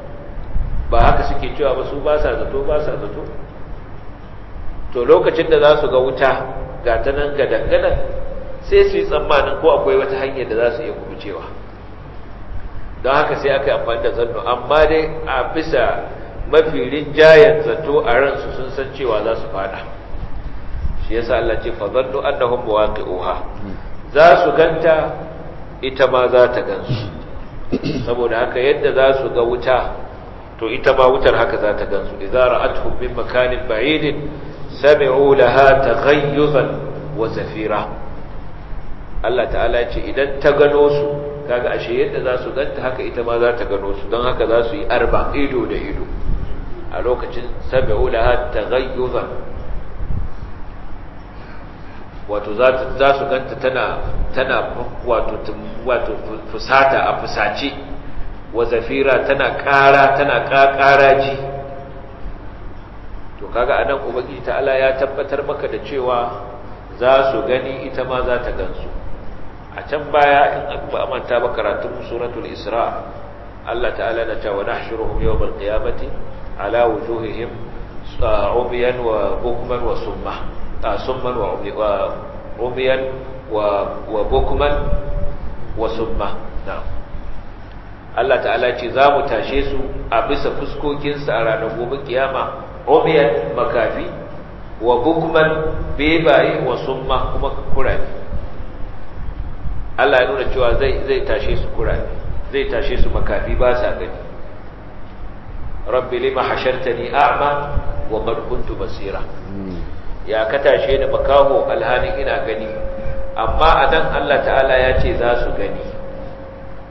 Speaker 1: ba haka suke cewa ba su ba sa zato ba sa zato to lokacin da za su ga wuta ga ta nan ga dangana sai su yi tsammanin ko akwai wata hanyar da za su iya kubucewa don haka sai aka yi amfani da zannu amma dai a bisa mafi rinjayen zato a ransu sun san cewa za su fada shi yasa Allah ce fa zannu annahum muwaqi'uha za su ganta ita ma za ta gansu saboda haka yadda za su ga wuta to ita ma wutar haka za ta gansu idza ra'atuhum min makanin ba'idin sami'u laha taghayyuzan wa zafira Allah ta'ala ya ce idan ta gano su kaga ashe yadda za su ganta haka ita ma za ta gano su don haka za su yi arba ido da ido a lokacin sabi'u laha gayyuzan wato za su ganta tana tana wato fusata a fusace wa zafira tana ƙara tana ji, to kaga anan ubangiji ta'ala ya tabbatar maka da cewa za su gani ita ma za ta gansu a can baya in ba manta ba karatun suratul isra Allah ta'ala na cewa nahshuruhum yawmal qiyamati ala wujuhihim umiyan wa bukman wa summa summan wa umiyan wa bukman wa summa na'am Allah ta'ala ce za mu tashe su a bisa fuskokinsa a ranar gobe kiyama umiyar makafi wa bukman bebaye wa summa kuma kurani Allah ya nuna cewa zai tashe su zai tashe su makafi ba sa gani rabbi lima hashartani a'ma wa qad kuntu basira ya ka tashe ni makaho alhanin ina gani amma a nan Allah ta'ala ya ce za su gani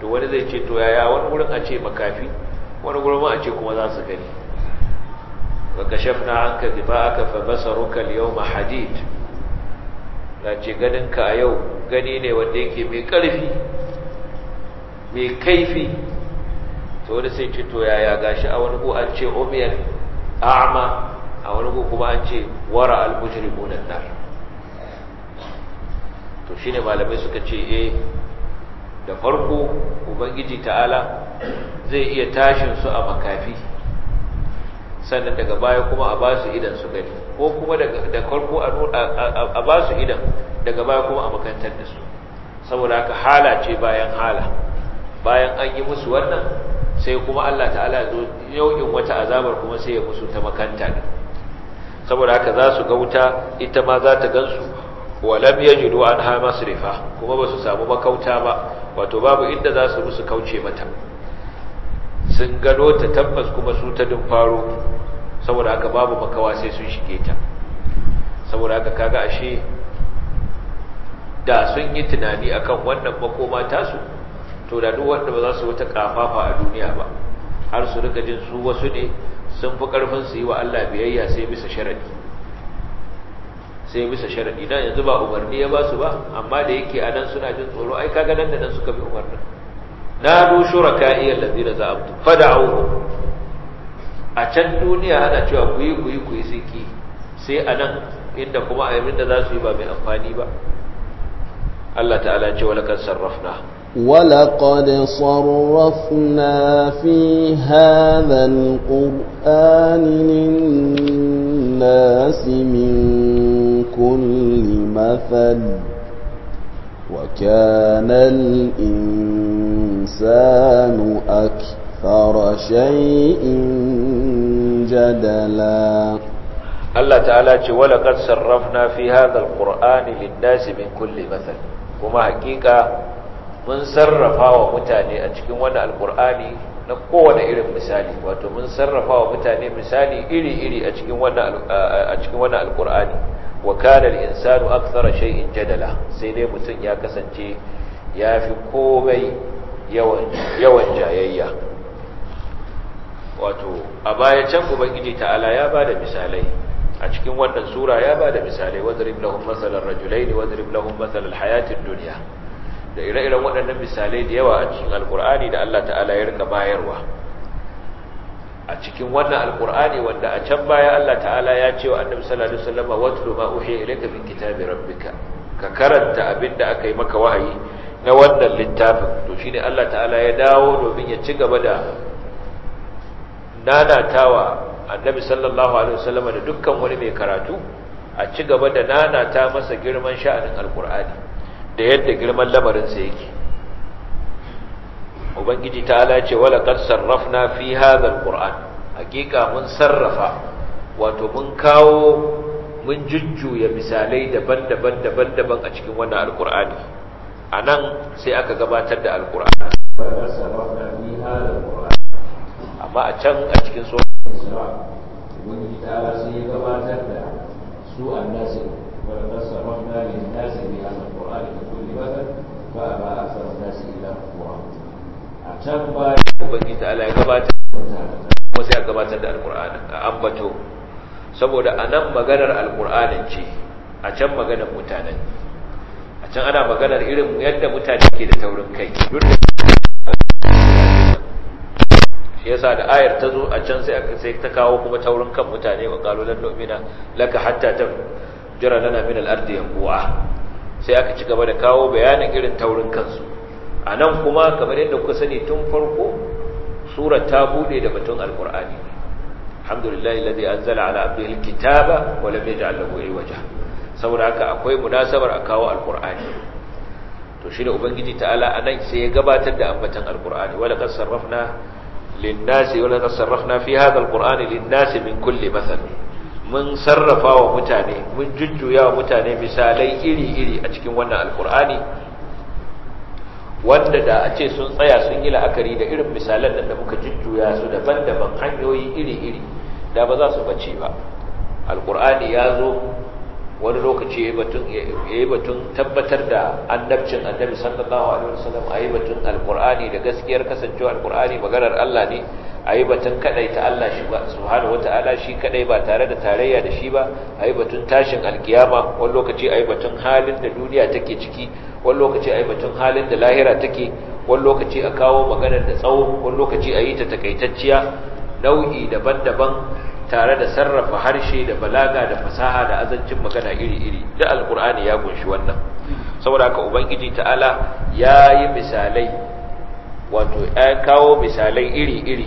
Speaker 1: to wani zai ce to yaya wani wurin a ce makafi wani gurin a ce kuma za su gani wa kashafna anka diba'aka fa basaruka al-yawma hadid da ce ganinka a yau gani ne wanda yake mai ƙarfi mai kaifi to wani sai ce to yaya gashi a wani ko an ce omiyar a'ama a wani ko kuma an ce wara al-mujrimunan nar to shine malamai suka ce eh da farko ubangiji ta'ala zai iya tashin su a makafi sannan daga baya kuma a basu su idan su gani ko kuma da farko a ba su idan daga baya kuma a makantar da su saboda haka hala ce bayan hala bayan an yi musu wannan sai kuma Allah ta'ala zo yau'in wata azabar kuma sai ya musu ta makanta ne saboda haka za su ga wuta ita ma za ta gansu walam yajidu anha masrifa kuma ba su samu makauta ba wato babu inda za su musu kauce mata sun gano ta tabbas kuma su ta dun faro saboda haka babu makawa sai sun shige ta saboda haka kaga ashe da sun yi tunani akan wannan makoma tasu to da duk wanda ba za su wata kafafa a duniya ba har su rika jin su wasu ne sun fi karfin su yi wa Allah biyayya sai bisa sharadi sai bisa sharadi dan yanzu ba umarni ya ba su ba amma da yake a nan suna jin tsoro ai kaga nan da nan suka bi umarni. na du shuraka'i allazina za'abtu fad'uhum a can duniya ana cewa ku yi ku yi ku yi sai sai a nan inda kuma a yamin da za su yi ba mai amfani ba Allah ta'ala ce walakan sarrafna
Speaker 2: ولقد صرفنا في هذا القرآن للناس من كل مثل وكان الإنسان أكثر شيء Allah
Speaker 1: Ta'ala تعالى ce wala kad sarrafna fi hadha alqur'ani lin nas min kulli kuma hakika mun sarrafa wa mutane a cikin wannan alqur'ani na kowane irin misali wato mun sarrafa wa mutane misali iri iri a cikin wannan a cikin wannan alqur'ani wa kana al-insanu akthara shay'in jadala sai dai mutum ya kasance ya fi komai yawan jayayya wato a baya can ubangiji ta'ala ya bada misalai a cikin wannan sura ya bada misalai wadrib lahum masalan rajulaini wadrib lahum masalan hayatid dunya da ire-iren waɗannan misalai da yawa a cikin alkur'ani da Allah ta'ala ya rinka bayarwa a cikin wannan alkur'ani wanda a can baya Allah ta'ala ya ce wa annabi sallallahu alaihi wasallam watlu ma uhiya ilayka min kitabi rabbika ka karanta abinda aka yi maka wahayi na wannan littafin to shine Allah ta'ala ya dawo domin ya ci gaba da nanatawa annabi sallallahu alaihi wasallam da dukkan wani mai karatu a ci gaba da nanata masa girman sha'anin alkur'ani da yadda girman labarin sa yake ubangiji ta'ala ce wala qad sarrafna fi hadha alqur'an hakika mun sarrafa wato mun kawo mun jujjuya misalai daban-daban daban-daban a cikin wannan alqur'ani anan sai aka gabatar da fi alqur'an amma a can a cikin so wani ta'ala sai ya gabatar da su annasi wala tasarrafna nasi bi hadha alquran kulli fa nasi a can ba ubangi ta'ala ya gabatar kuma sai a gabatar da ambato ce a can maganar mutanen a can ana maganar irin yadda mutane ke da taurin kai duk da shi yasa da ayar ta zo a can sai aka sai ta kawo kuma taurin kan mutane wa qalu lan nu'mina laka hatta jira lana min al-ardi yanqu'a sai aka ci gaba da kawo bayanin irin taurin kansu anan kuma kamar yadda kuka sani tun farko sura ta bude da batun alqur'ani alhamdulillahi alladhi anzala ala abdihi al-kitaba wa lam yaj'al lahu iwaja saboda haka akwai munasabar a kawo alqur'ani to shi ne ubangiji ta'ala a nan sai ya gabatar da ambatan alkur'ani wadda kan linnasi wala tasarrafna fi hadha alqur'ani linnasi min kulli mathal mun sarrafa wa mutane mun jujjuya mutane misalai iri-iri a cikin wannan alqur'ani wanda da a ce sun tsaya sun yi la'akari da irin misalan nan da muka jujjuya su daban-daban hanyoyi iri-iri da ba za su bace ba alqur'ani ya zo wani lokaci ya yi batun tabbatar da annabcin annabi sallallahu alaihi wasallam yi batun alqur'ani da gaskiyar kasancewa alqur'ani maganar Allah ne A yi batun kadai ta Allah shi ba subhanahu wataala shi kadai ba tare da tarayya da shi ba A yi batun tashin alkiyama wani lokaci a yi batun halin da duniya take ciki wani lokaci a yi batun halin da lahira take wani lokaci a kawo maganar da tsawo wani lokaci a yi ta takaitacciya nau'i daban-daban tare da sarrafa harshe da balaga da fasaha da azancin magana iri-iri da alkur'ani ya gunshi wannan saboda haka ubangiji ta'ala ya yi misalai wato ya kawo misalai iri-iri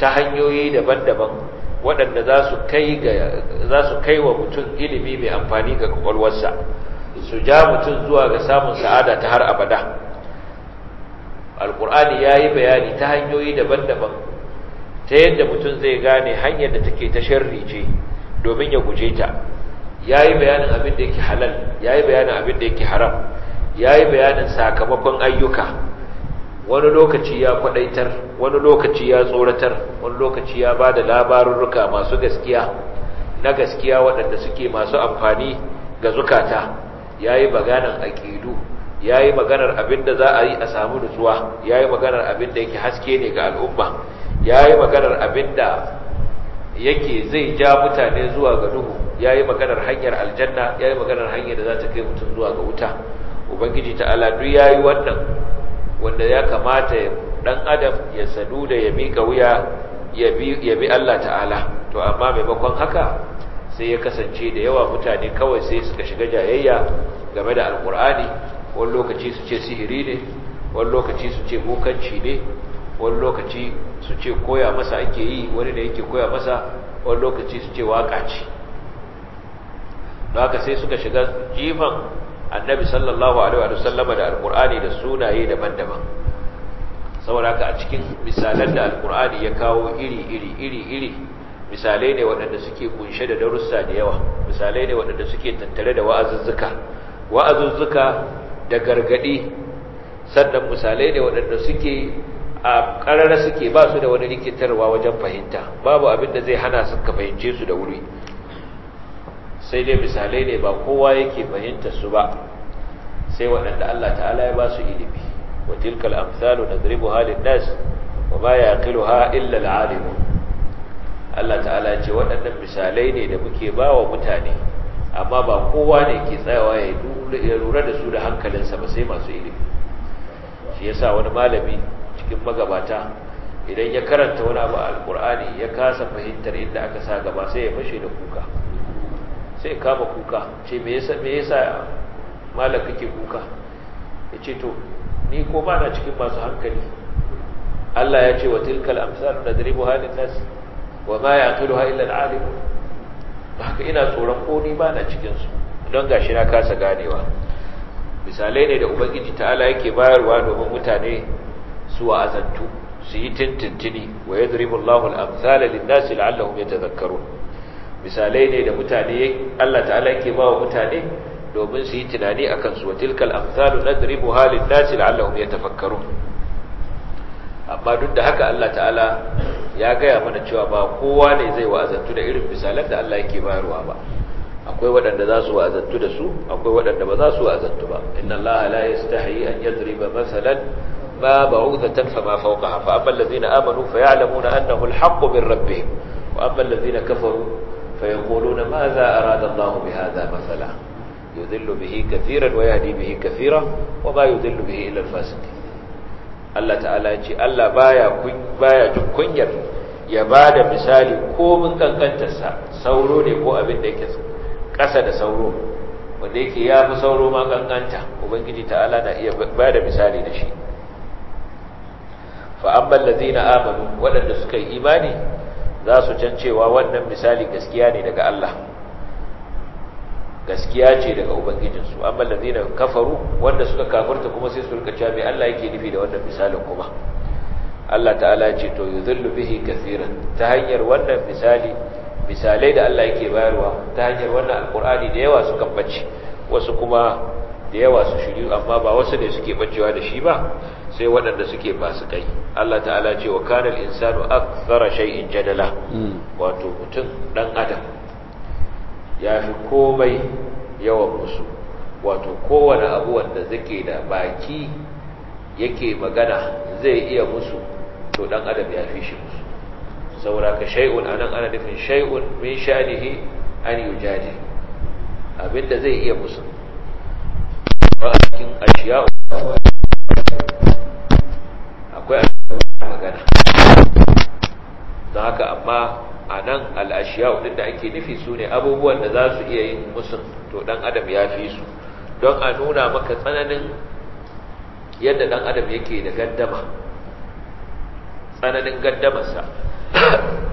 Speaker 1: ta hanyoyi daban-daban waɗanda za su kai wa mutum ilimi mai amfani ga kwakwalwarsa su ja mutum zuwa ga samun sa'ada ta har abada alkur'ani ya yi bayani ta hanyoyi daban-daban ta yadda mutum zai gane hanyar da take ta sharri ce domin ya guje ta ya yi bayanin abin da yake halal ya yi bayanin abin da yake haram ya yi bayanin sakamakon ayyuka wani lokaci ya kwadaitar wani lokaci ya tsoratar wani lokaci ya ba da labarurruka masu gaskiya na gaskiya waɗanda suke masu amfani ga zukata ya yi a aƙidu ya yi maganar abin da za a yi a samu nutsuwa yi maganar abin da yake haske ne ga al'umma ya yi maganar abin da yake zai ja mutane zuwa ga duhu ya yi maganar hanyar aljanna ya yi maganar hanyar da za ta kai mutum zuwa ga wuta ubangiji ta al'adu ya yi wannan wanda ya kamata dan adam ya sadu da ya miƙa wuya ya bi Allah ta'ala to amma maimakon haka sai ya kasance da yawa mutane kawai sai suka shiga jayayya game da alkur'ani wani lokaci su ce sihiri ne wani lokaci su ce ne wani lokaci su ce koya masa ake yi wani da yake koya masa wani lokaci su ce waka ce da sai suka shiga jifan annabi sallallahu alaihi wa sallama da alkur'ani da sunaye daban-daban saboda haka a cikin misalan da alkur'ani ya kawo iri-iri iri-iri misalai ne waɗanda suke kunshe da darussa da yawa misalai ne waɗanda suke tattare da wa'azuzzuka wa'azuzzuka da gargadi, sannan misalai ne waɗanda suke a ƙarara suke ba su da wani rikitarwa wajen fahimta babu abin da zai hana suka fahimce su da wuri sai dai misalai ne ba kowa yake fahimta su ba sai waɗanda Allah ta'ala ya ba su ilimi wa tilkal amsalu nadribu halin nas wa ba ha illa al-alim Allah ta'ala ce waɗannan misalai ne da muke ba wa mutane amma ba kowa ne ke tsayawa ya lura da su da hankalinsa ba sai masu ilimi shi yasa wani malami cikin magabata idan ya karanta wani abu a alkur'ani ya kasa fahimtar inda aka sa gaba sai ya fashe da kuka sai kama kuka ce me yasa me yasa malam kake kuka ya ce to ni ko ba na cikin masu hankali Allah ya ce wa tilkal amsalu nadribu lin nas wa ma yaqiluha illa al-alim haka ina tsoron ko ni ba na cikin su don gashi na kasa ganewa misalai ne da ubangiji ta'ala yake bayarwa domin mutane su wa'azantu su yi tintintini wa yadribu Allahu al-amthala lin-nasi la'allahum yatadhakkarun misalai ne da mutane Allah ta'ala yake ba wa mutane domin su yi tunani akan su wa tilkal amthalu nadribuha lin-nasi la'allahum yatafakkarun amma duk da haka Allah ta'ala ya gaya mana cewa ba kowa ne zai wa'azantu da irin misalan da Allah yake bayarwa ba akwai waɗanda za su wa'azantu da su akwai waɗanda ba za su wa'azantu ba inna Allah la yastahi an yadriba masalan ما بعوضة فما فوقها فأما الذين آمنوا فيعلمون أنه الحق من ربهم وأما الذين كفروا فيقولون ماذا أراد الله بهذا مثلا يذل به كثيرا ويهدي به كثيرا وما يذل به إلا الفاسقين Allah ta'ala ya ce Allah baya baya ya bada misali ko mun kankantarsa sauro ne ko abin da yake ƙasa da sauro wanda yake ya fi sauro ubangiji ta'ala na iya bada misali da shi fa amma amanu waɗanda suka yi imani za su can cewa wannan misali gaskiya ne daga Allah gaskiya ce daga ubangijinsu amma allazina kafaru wanda suka kafarta kuma sai su rika cewa me Allah yake nufi da wannan misalin kuma Allah ta'ala ce to yudhillu bihi kaseeran ta hanyar wannan misali misalai da Allah yake bayarwa ta hanyar wannan alkur'ani da yawa suka bace wasu kuma da yawa su shiru amma ba wasu ne suke bacewa da shi ba sai waɗanda suke kai Allah ta'ala ce wa kanal insanu akthara shay'in jadala hmm. wato mutum dan adam ya fi komai yawan musu wato kowane abu wanda zake da baki yake magana zai iya musu to dan adam ya fi shi musu saboda ka shay'un anan ana nufin shay'un min shanihi an yujadi abinda zai iya musu wa'akin ashiya'u akwai magana don haka amma a nan al'ashiya'u ɗin da ake nufi su ne abubuwan da za su iya yin musun to ɗan adam ya fi su don a nuna maka tsananin yadda ɗan adam yake da gaddama tsananin gaddamarsa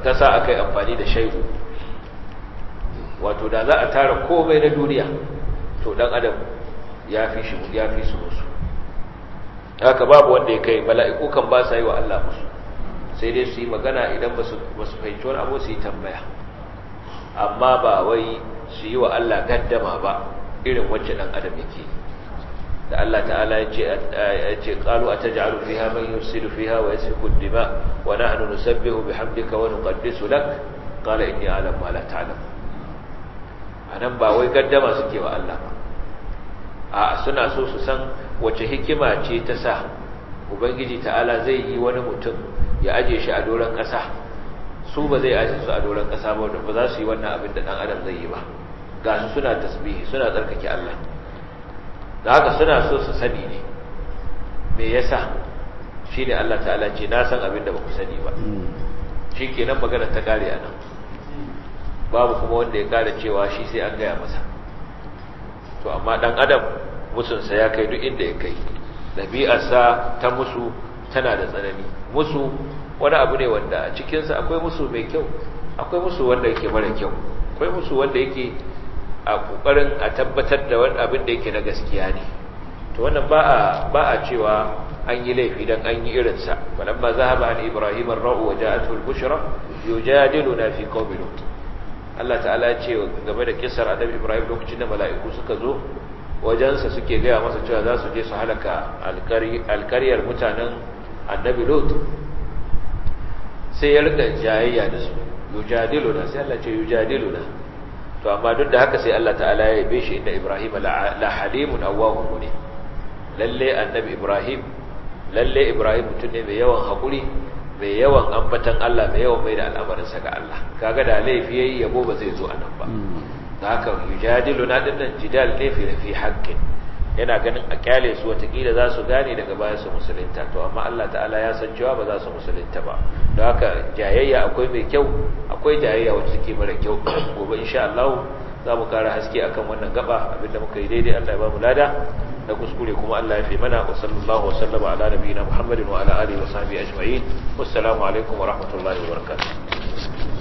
Speaker 1: ta sa aka yi amfani da shaihu wato da za a tara komai na duniya to ɗan adam ya fi shi ya fi su musu haka babu wanda ya kai mala'iku kan ba sa yi wa Allah musu sai dai su yi magana idan ba su fahimci wani abu su yi tambaya amma ba wai su yi wa Allah gaddama ba irin wacce dan adam yake da Allah ta'ala ya ce ya ce qalu ataj'alu fiha man yusidu fiha wa yasfiku dima wa nahnu nusabbihu bihamdika wa nuqaddisu lak qala inni a'lamu ma la ta'lam anan ba wai gaddama suke wa Allah ba a suna so su san wace hikima ce ta sa ubangiji ta'ala zai yi wani mutum ya aje shi a doron ƙasa su ba zai aje su a doron ƙasa ba da ba za su yi wannan abin da ɗan adam zai yi ba ga su suna tasbihi suna tsarkake Allah da haka suna so su sani ne me yasa shi ne Allah ta'ala ce na san abin da ba ku sani ba shi kenan magana ta kare a nan babu kuma wanda ya kare cewa shi sai an gaya masa to amma dan adam musunsa ya kai duk inda ya kai dabi'arsa ta musu tana da tsanani musu wani abu ne wanda a cikinsa akwai musu mai kyau akwai musu wanda yake mara kyau akwai musu wanda yake a ƙoƙarin a tabbatar da wani abin da yake na gaskiya ne to wannan ba a ba a cewa an yi laifi dan an yi irin sa balamma zahaba an ibrahim ar-ra'u wa ja'atuhu al-bushra yujadiluna fi qawmi Allah ta'ala ya ce game da kisar annabi Ibrahim lokacin da mala'iku suka zo wajensa suke gaya masa cewa za su je su halaka alkaryar mutanen annabi Lot sai ya rika jayayya da su yujadiluna sai Allah ce yu yujadiluna to amma duk da haka sai Allah ta'ala ya yabe shi inda Ibrahim la halimun awwahun muni lalle annabi Ibrahim lalle Ibrahim mutum ne mai yawan haƙuri. mai yawan ambatan Allah mai yawan mai da al'amarinsa ga Allah kaga da laifi yayi yabo ba zai zo anan ba haka yujadilu na dinnan jidal laifi da fi haqqin yana ganin a kyale su watakila za su gane daga bayan su musulunta to amma Allah ta'ala ya san cewa ba za su musulunta ba don haka jayayya akwai mai kyau akwai jayayya wacce take mara kyau gobe insha Allah za mu kara haske akan wannan gaba abinda muka yi daidai Allah ya ba mu lada da kuskure kuma Allah ya fi mana wa sallallahu wa sallama ala nabiyina Muhammadin wa ala alihi wa sahbihi ajma'in wassalamu alaikum wa rahmatullahi wa barakatuh